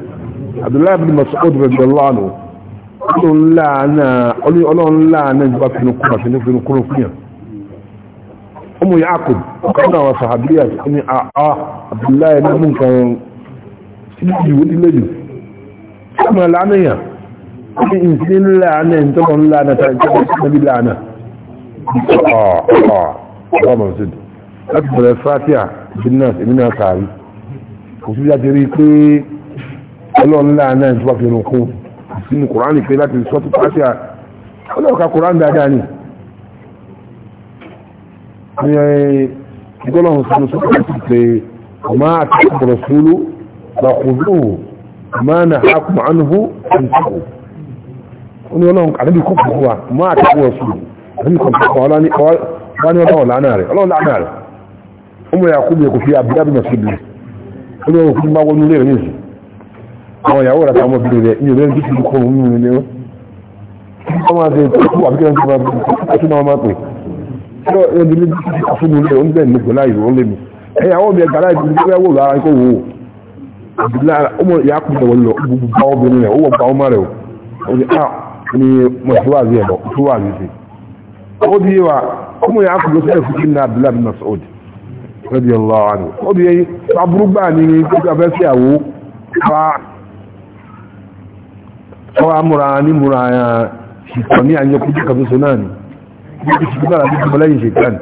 A: abdullahi bin masoud radiyallahu anhu ọlọ́run láàánà ọlọ́run láàánà ìjọba fínú kúrò fínú fínú kúrò fúnyà ọmọ yaakub ọkọ̀ọ̀nà àwọn sahabiya ní àá abdullahi ní mú nǹkan sílẹ̀jù ó dílẹ̀jù ọmọ láàánà yà ní ìsìn láàánà ìjọba láàánà tàbí ìjọba láàánà ọmọ sí láti bẹ̀rẹ̀ fatia bin nas emina sari kò sí bí a ti rí pé ọlọ́run láàánà tó bá fi rùn kún sínú kùránì pé láti sọ tó pàṣẹ ọlọ́ọ̀ka kùránì dáadáa ni ìgbọ́lọ́run sínú sọ pàṣẹ pé ọmọ àti ọ̀pọ̀lọ̀ fúlú bá kùzú ọmọ na hakùn ánúhù ìtàkù ó ní ọlọ́run àdébí kọ́ fún wa ọmọ àti ọ̀pọ̀lọ̀ fúlú àdébí kọ́ fún wa ní ọlọ́run láàánà rẹ̀ àwọn ìyàwó rẹ̀ táwọn obìnrin rẹ̀ ní òbẹ́rẹ́ títí kọ́ òun nínú ilé wọn wọ́n máa ṣe tó àbíkẹ́ ń sọ́ra àti náà máa pè ṣọ́ ẹni ní àfúnnulẹ̀ oúnjẹ ní gbọ́lá ìlú ó lè mi ẹ̀yàwó mi ẹ̀gbà láì fi wẹ́wò lára kó wò àbílá ọmọ ìyá kù lọ lọ gbogbo bá obìnrin rẹ̀ ó wọ̀ bá ọmọ rẹ̀ ó ní à ah, ní mọ̀ ìtúwàzí ẹ̀bọ̀ ìtúwàzí sí ó di wa ọmọ ìyá kù lọ sílẹ̀ fún kí ní àbílá bí masoud rẹ̀ di ọlọ́run ó di aburú gbà ní ní ọwọ́ amúra ní múra ṣìkọ̀ ní àyẹ kújú kàtúnṣe náà ni bí i ṣùgbọ́n àti ìjọba lẹ́yìn ṣètàn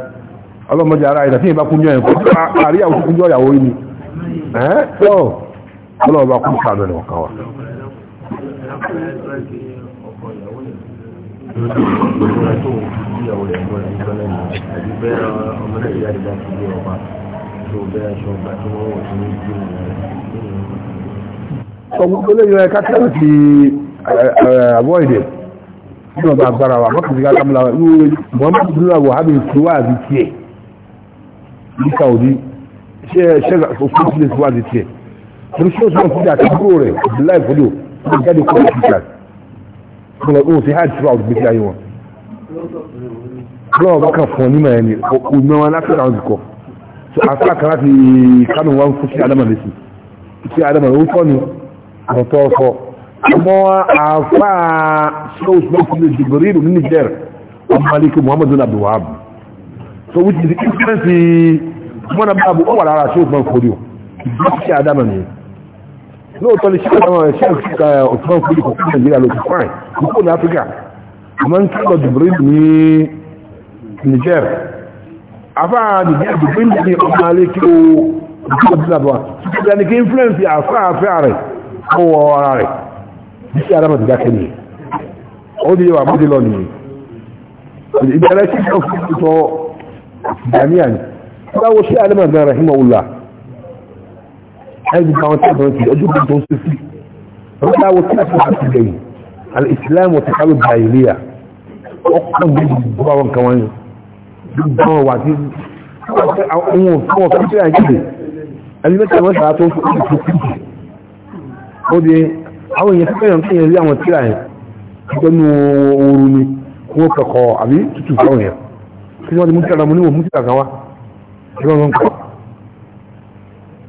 A: ọlọ́mọdé ara ìdàtí ìbá kúnjọ ẹ̀kọ́ àrí àwọn kúnjọ ìyàwó ni ẹ́ẹ́ ọlọ́ọ̀bá kún sàánù ẹ̀wọ̀n kan wa ọgbogbo lẹ́yìn ẹ̀ká kẹ́rù Eh, eh, avoid it ní ọba agbára wa mọ́kàn sí kákàmọ́lá mohamed abdullahi wahab ìṣúwà àti tiẹ̀ ní saudi ṣe ṣẹ́gà òfin sílẹ̀ ìṣúwà àti tiẹ̀ torí ṣé òṣùwọ̀n sí àti kúrò rẹ̀ abdullahi fodo ní jáde kúrò sí ìṣà fún ọ̀hún sí hajj throughout gbèsè ayé wọn lọ́wọ́ bákan fún onímọ̀ ẹni ọmọ wọn láti ra ọdún kọ so àfáà kan láti kánú wọn fún sí adama lẹ́sìn sí adama ló ń fọ́ ni àwọn tó ń àmọ́ àfà sọ́ọ̀sọ́ọ̀sọ́ jìbìrìlù ní niger ọmọlẹ́kì muhammadu abdullahab so which is the influence mọ́nà báàbù ó wà lára sọ́ọ̀sọ́ kòríò ìgbésí adama ni lóòtọ́ ni sọ́ọ̀sọ́ kòríò eh, kò kí nàìjíríà ló ti fáìn kókó ní áfíríkà àmọ́ ń kí lọ jìbìrìlù ní niger àfà niger jìbìrìlù ní ọmọlẹ́kì ó ìgbésí adama ni kí influence àfà àfẹ́ rẹ̀ ó wọ ara rẹ̀ bíi ara màdìgá kẹ́lẹ̀ ó di yẹwà mọ́dé lọ nìyẹn ìbẹ̀rẹ̀ tí ó fi tọ́ ìdàmíà ní báwo ṣe alẹ́mọ̀dé rahimahullah ẹni bá wọn tí a bọ̀ ti ojú bí tó ń ṣe sí wọ́n báwo tí a ti wà sí gẹ̀yìn alìsílámù ti kálù bàìlíà ọkàn gbogbo gbogbo àwọn kan wọn àwọn wà sí ó di àwọn èèyàn pẹ́pẹ́ yàn kéèyàn rí àwọn tíra yẹn gbẹ́nu ooru ni wọ́n kọ̀kọ́ àbí tútù fáwọn èèyàn kí wọ́n ti mú tíra lọ mo ní mo mú tíra kan wá kí wọ́n ń kọ́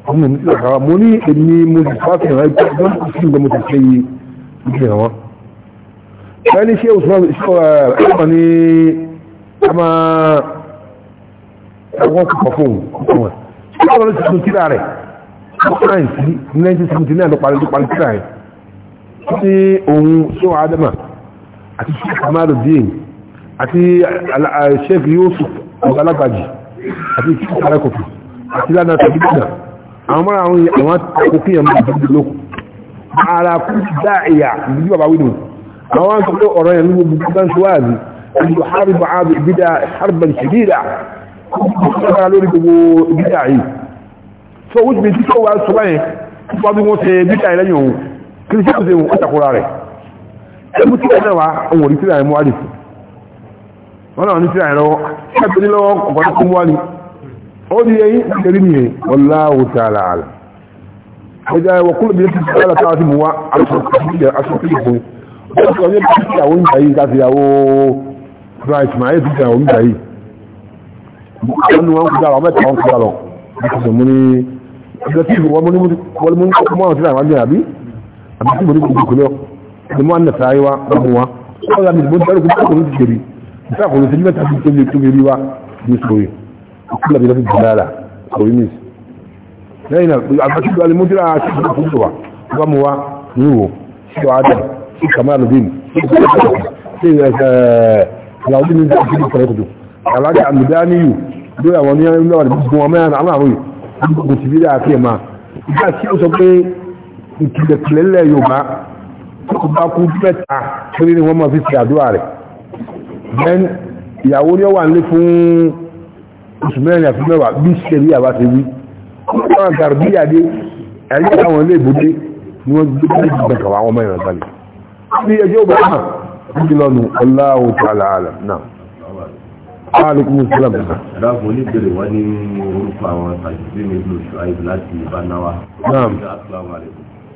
A: ọmọ mi tíra kan wá mo ní èmi mo sì fáfẹ́ rẹ̀ gbọ́n kò sí nǹkan mo ti fẹ́ yí ìdílé kan wá. báyìí ní ṣé òṣùwọ̀n ẹ̀rọ ní a máa wọ́n kọ̀kọ́ fóun kọ̀kọ́ wọn. ṣé wọ́n lọ sí tuntun tíra rẹ̀ 1979 ló parí tíra yẹn sí ohun tó adama àti sheik kamaluddin àti sheik yusuf ọ̀gálágbàjì àti sheik alákòfì àti lánàá tàbí dínà àwọn mọ́ra àwọn àwọn àkókò yẹn mọ́ ìdílé lókù ara kú dá ìyà ìdílé bàbá wínú àwọn tó tó ọ̀rọ̀ yẹn ní gbogbo bá ń tó wáàzì ìlú harbi ààbì ìbídà harbi ṣìdídà ọ̀gára lórí gbogbo ìbídà kìrìsìtì ṣe wọ́n takura rẹ̀ ẹmú tí ẹ̀rẹ́ wa òun òní tíra ẹ̀mú àdìsí wọ́n náà ní tíra ẹ̀rọ ṣẹ́bìnrin lọ́wọ́ ọ̀gbọ́n tó mú wá ní ó ní ẹyí kẹrí ní wallahu ta'ala àlà ọjà ẹwọ kúlù bí ó ti sọ́ọ́ láti àwọn ìmúwá aṣọ́kìlìkún ó sọ ní bí i àwọn ìgbà yìí láti ìyàwó christ máa yẹ́ ti sọ àwọn ìgbà yìí wọ́n ní wọ́n kúta lọ mẹ́ta wọ́n kúta lọ wọ́n mú ní ọjọ́ tí wọ́n mú ní wọ́n mú ní kọ́kọ́ mọ́ amma kuma duk duk kulo da mu annata rayuwa rabuwa ko da mun dar ku ku duk gari sa ku sai mata ku kullu ku gari wa ni soyi kullu bi lafi dalala ko yi sai na albashi da almujra a cikin kuwa ba mu wa ni wo shi wa adam shi kamar din sai ya ya wani ne da shi ko ku alaji amdaniyu doya wani ya yi lawar bisbuwa mai ana ana ruyi ko tibira a kai ma ita ci so pe ìkìlẹ̀ kìlẹ̀lẹ̀ yorùbá tó bá kú mẹ́ta kiri ni wọ́n máa fi ṣe àdúrà rẹ̀ then ìyàwó ni ó wà nílé fún oṣù mẹ́rin àti mẹ́wàá bí ṣẹ̀rí àbá ti wí wọ́n gàrbíyàdé ẹ̀rí àwọn ilé ìbúdé ni wọ́n gbé ní ìgbẹ̀kọ̀ àwọn ọmọ ìrìn àgbàlẹ̀ ní ẹjọ́ ọba náà ní lọ́nu ọláwò tààlà àlà náà
B: alaikum salam dáàbò oníbèrè wá ní orúkọ àwọn tàbí ní ìlú ṣùgbọ́n láti ìbánáwá náà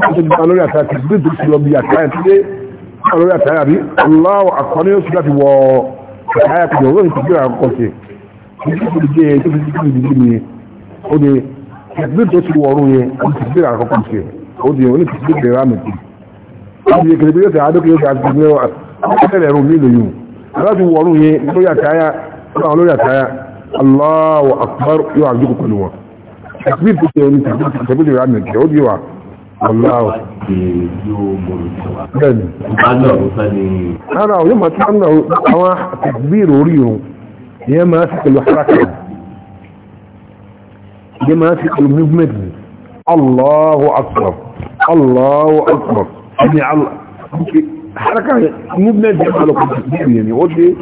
A: láti gba lórí àtàrà kìí bí tó ti lọ bí àtàrà tí dé lórí àtàrà rí aláwọ̀ àkọ́ní ó sì láti wọ àtàrà kìí ọ̀rọ̀ ìtìjú àkọ́kọ́ sí ìdí tó jẹ́ tó fi títí ìdí mi ó ní kìí tó ti wọ ọrùn yẹn ó ti bí àkọ́kọ́ sí ó ní oní kìí bí rámì tí ó ní kìí bí yóò tẹ̀ àdókè yóò tẹ̀ àti gbé ọ̀tẹ̀lẹ̀ rùn mí lòyún láti wọ ọrùn yẹn lórí àtàrà lórí àtàrà aláwọ̀ àkọ́rọ̀ yóò àdókò pẹ̀lú wọn kìí tó ti wọ ọrùn yẹn ó ní kìí bí rámì tí ó ní wà والله في يوم تكبير وريو يا ما في الحركه يا ما في الموفمنت الله اكبر الله اكبر يعني على حركه مبنيه على كل يعني ودي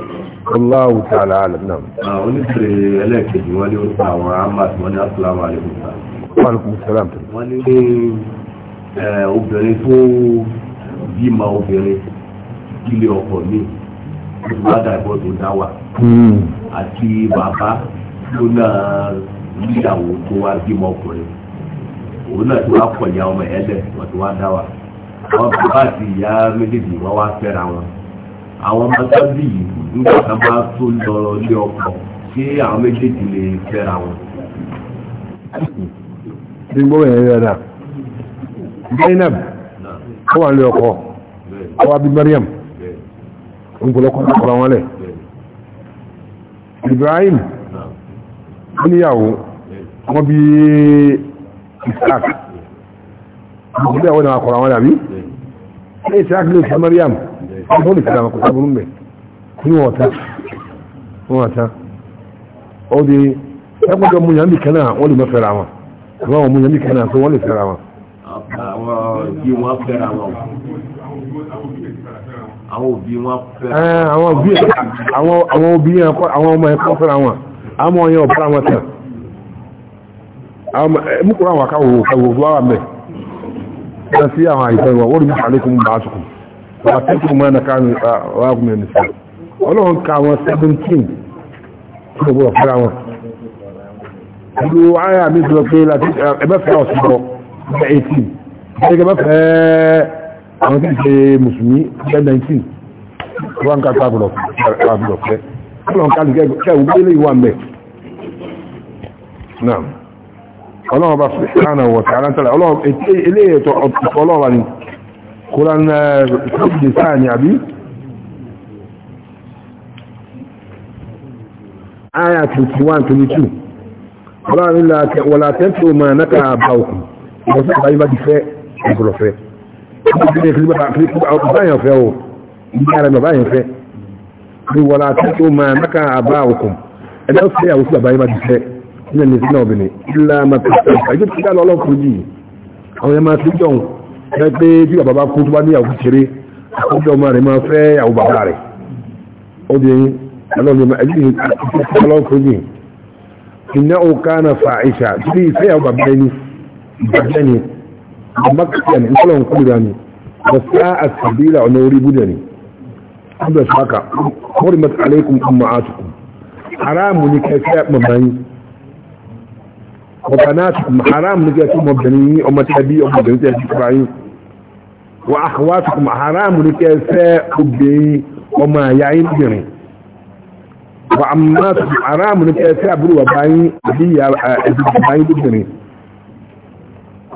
A: الله تعالى اعلم نعم اه ونبري عليك جوالي
B: وعمات وانا السلام عليكم
A: وعليكم السلام
B: ونبري obìnrin tó bímọ obìnrin ilé ọkọ̀ ní ìgbádà ìbọn dáwà hmm. àti bàbá tó náà níyàwó tó wá bímọ ọkùnrin òun náà tó wá ya ọmọ ẹlẹ̀ wọ́n wá wà àwọn bàbá àti ìyá méjèèjì wọ́n wá fẹ́ra wọn àwọn nígbà bá tó lọ ilé ọkọ àwọn méjèèjì lè fẹ́ra
A: wọn. rẹ̀ Zainab ó wà nílé ọkọ ó wà bí Mariam ó ń gbọ́ lọ́kọ́ ọ̀rọ̀ wọn lẹ̀ Ibrahim ó níyàwó wọ́n bí Isaac ìgbẹ́ àwọn àkọ̀rọ̀ wọn dàbí ṣe Isaac lè ṣe Mariam ó lè ṣe àwọn kò sábúrú mẹ́ ní wọ́ta wọ́ta ó di ẹgbẹ́jọ mú yàmì kanáà wọ́n lè mọ́ fẹ́ra wọn àwọn mú yàmì kanáà tó wọ́n lè fẹ́ra wọn
B: àwọn òbí wọn fẹ́ra wọn àwọn òbí wọn fẹ́ra àwọn òbí
A: àwọn òbí àwọn ọmọ ẹ̀kọ́ fẹ́ra wọn àwọn ọmọ yẹn ọ̀bára wọn tẹ̀ mùkúrò àwọn akáwò òwò fúláwà mẹ́ ẹ̀rọ sí àwọn àìsàn ìwà wọ́n rí mú àlékún bá aṣùkù wà tẹ́kù mọ́ ẹ̀nà káàmì ọ̀rágùn ẹ̀nì sí ọlọ́run ká àwọn 17 tí ó gbọ́dọ̀ fẹ́ra wọn ìlú ayà mi sọ pé ẹ̀bẹ́ fẹ́ ọ̀sùn lọ 18 gẹ́gẹ́ bá fẹ́ àwọn tí ṣe mùsùlùmí fẹ́ 19 wọ́n ká sáàbùrọ̀ fẹ́ ọlọ́run ká lùkẹ́ ìwé ilé ìwà mẹ́ náà ọlọ́run bá fẹ́ hánà wọ̀ tààrà tààrà ọlọ́run ilé ẹ̀tọ́ ọlọ́run ni kúrán ṣe sáà ni àbí aya 21 22 ọlọ́run ilẹ̀ wọ̀lá tẹ́tù ma náà bá òkú wọ́n sì bá yí bá ti fẹ́ ìgbọ̀lọ̀ fẹ́ báyọ̀ fẹ́ o ìyá rẹ̀ báyọ̀ fẹ́ ní wọ́la tí ó máa mẹ́ka àbá òkun ẹ̀dọ́ fẹ́ àwọn fún àbáyé bá ti fẹ́ nílẹ̀ ní sínú ọ̀bìnrin ilá mẹ́ta ìnáwó kánà fa'isha tí ìfẹ́ àwọn bàbá ẹni ìbàjẹ́ ni makka ne kolon kudura ne da sa'at sabila a wuri buda ne abu da shaka hurmat alaikum umma'atukum haramu ne kai sai mabani wa banatukum haramu ne kai sai mabani umma tabi umma da ta ji bayi wa akhwatukum haramu ne kai sai ubbi umma yayin jini wa amma haramu ne kai sai aburu wa bayi abi ya abi bayi buda ne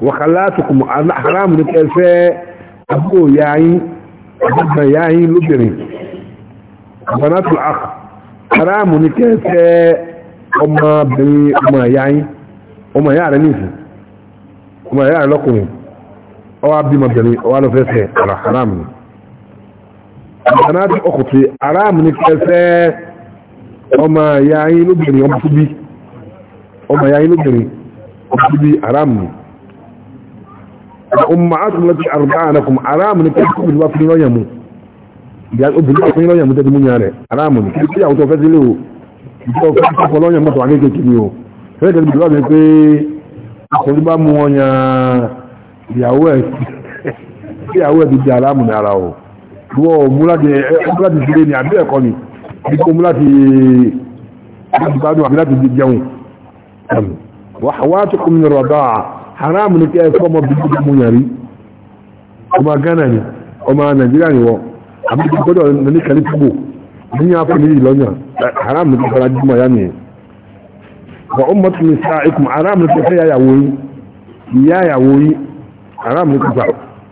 A: wàhálàtùkùn haram ní kẹfẹ́ àbúkò yáyín àbúkò yáyín lóbìnrin àbánátù àkà haram ní kẹfẹ́ ọmọbìnrin ọmọ yáyín ọmọ yára ní ìsìn ọmọ yára lọ́kùnrin ọwá bímọbìnrin ọwá lọ fẹ́fẹ́ ara haram ní àbánátù ọkùtì haram ní kẹfẹ́ ọmọ yáyín lóbìnrin ọmọ tó bí ọmọ yáyín lóbìnrin ọmọ tó bí haram ní وأمعاتكم التي أرضعنكم حرام نكتب بالوفن رجمو يعني أبو الوفن رجمو تدمون يعني حرام كيف يعود فزلو فلان يموت عليك كنيو فهذا بالوفن يقول أخذ باموانيا يعوه يعوه بدي حرام نعراو wọ́n mú láti ẹgbẹ́láti sílé ní àbí ẹ̀kọ́ ni kíkó mú láti gbádùn àbí láti jẹun wà wá tó kún ní rọ̀dáà haram ni kí ẹ fọ́ ọmọ bíbí mú yàrí ọmọ Ghana ni ọmọ Nàìjíríà ni wọ́n àbí gbọ́dọ̀ ní kẹ́lẹ́tìbò ní afọ méjì lọ́yàn haram ni kí fara dídúmọ̀ yá nìyẹn wọ́n ó mọ́tò ní sáà ikùn haram ni kí fẹ́ yàyàwó yìí ìyá yàwó haram ni kí fà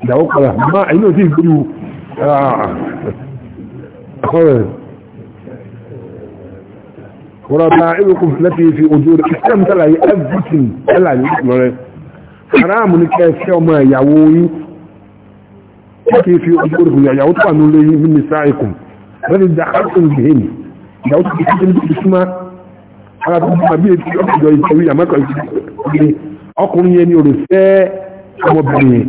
A: ìyàwó padà má èyí ò sì gbúrú وربائبكم التي في أجور الإسلام تلعي أبسن تلعي أبسن haramu ní kẹfẹ́ ọmọ ìyàwó yín kí fi ojú orùkù ìyàwó tó wà ní olóyìn ní misaikum rẹ́ni dákàtún bìhìn ìyàwó tó kìí tó kìí súnmọ́ ara tó kìí bí ètò ọkùnjọ ìtẹ̀wé àmọ́kọ̀ ìgbìyàn ọkùnrin yẹn ni orò fẹ́ ọmọbìnrin yẹn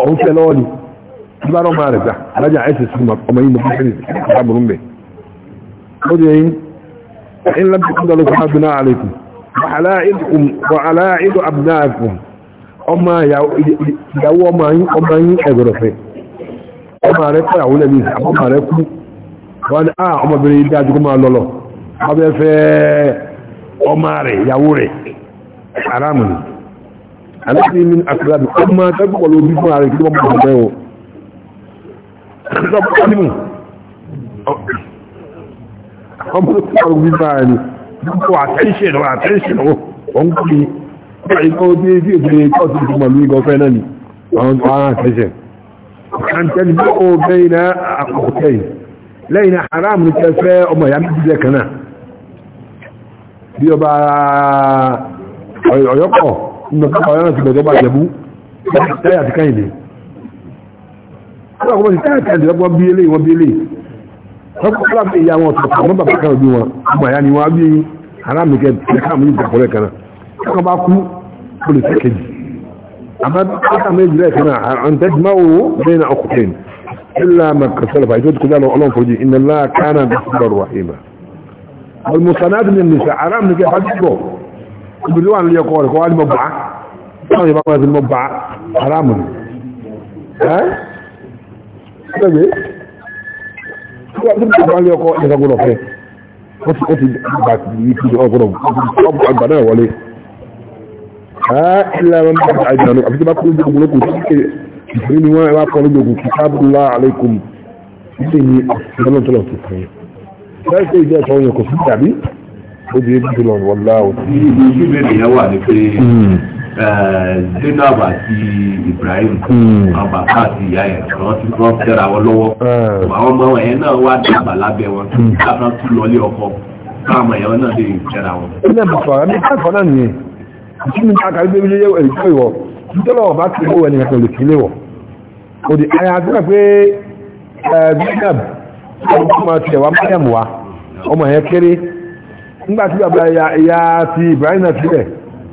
A: ó di ìbára ọmọ rẹ̀ gbà alájà in a ah, ọmọbìnrin yìí dájú kó máa lọ́lọ́ ọbẹ̀ fẹ́ ọmọ rẹ̀ ìyàwó rẹ̀ haramu ni alẹ́ sí mi àkùrẹ́ àbí ọmọ tẹ́kọ̀ọ́ ọmọdéwù ọmọdéwù gbígbà ẹni gbogbo attention wa attention wo wọ́n kú ní ọ̀pọ̀ tí tí èdè kọ́ọ̀tù tó mọ̀ lórí gọ́fẹ́ náà ni wọ́n wọ́n attention kan tẹ́lì bí ó bẹ́yìn náà àkọ́kọ́ yìí lẹ́yìn haram ní kẹfẹ́ ọmọ ìyá méjì lẹ́kan náà bí ọba ọ̀yọ́kọ̀ nínú kọ́kọ̀ ọ̀yọ́ ọlọ́pàá ti táyà tàbí ọgbọ́n bí eléyìí wọ́n bí eléyìí ọlọ́pàá ti ìyá wọn ọ̀tọ̀ọ̀tọ̀ àwọn bàbá kan bí wọn ọmọ ìyá ni wọ́n á bí aráàmìkẹ́ ẹ̀káàmù ní ìjàkọ́lẹ̀ kan náà kí wọ́n bá kú olùfẹ́ kejì àmọ́ káàkà méjì náà àwọn إلا ما كسلف عيدوت كذا الله فرجي إن الله كان بسر رحيما والمصنات من النساء حرام نكي حدثه بالوان اللي يقول قوال مبعا قوال مبعا حرام ها gbẹ̀gbẹ̀ tí wọ́n ti bá lé ọkọ̀ ìjọgbọ́n ọ̀fẹ́ ó ti gbà ìtú ọgbọ̀n àgbà náà wọlé ìlànà àjànà àfi tí bá kúrò jẹ́ ògbólókù tí ìfẹ́ ni wọ́n wá kọ́ lójú ògùn kí sábúlá aleikum ilé ní ọlọ́tọ́lọ́ ti fún yẹn láì pé ìjẹ́ ìtọ́ yẹn kò sí tàbí ó di ebi jùlọ wọlá òtún. ibi ìbéèrè yẹn wà ní pé
B: Zainab eh, ti Ibrahim hmm. àwọn bàbá àti ìyá ẹ̀ àwọn tí ọmọ tẹ́ra wọn lọ́wọ́
A: eh. àwọn ọmọ ẹ̀ náà
B: wá dàgbà lábẹ́ wọn káfíń hmm. tún lọlé ọkọ káàmọ̀ ẹ̀yọ́ náà lè tẹ́ra wọn.
A: ilé náà nìyẹn ká kàrí bébí nítorí ti ẹni òdì pé eh, ọmọ ọmọ yẹn kéré nígbà tí ìyá ti Ibrahim náà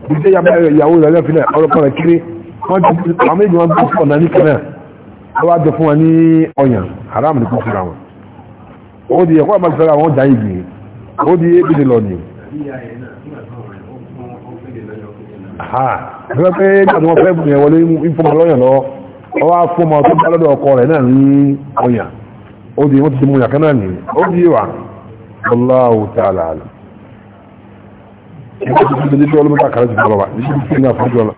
A: ìdílé ìyàwó rẹ̀ lẹ́fìlẹ̀ ọlọ́pàá kiri wọ́n ti àwọn èèyàn gbọ́ fún ọ̀nà nìkan náà wọ́n wá jọ fún wa ní ọ̀yàn haram ní kún fúnra wọn ó di ẹ̀kọ́ àmàlẹ́ fẹ́ra wọn dá ìgbì ó di ebi ni lọ ni. ẹgbẹ́ pé nígbà tí wọ́n fẹ́ bùn yẹn wọlé ìfọmọ lọ́yàn lọ wọ́n wá fún ọmọ tó bá lọ́dọ̀ ọkọ rẹ̀ náà ní ọ̀yàn ó di wọ́n ti mú yàn kan náà nìyí ó di wà Allahu ta'ala 你你不要那么大开销，知道吧？你尽量少
C: 交了。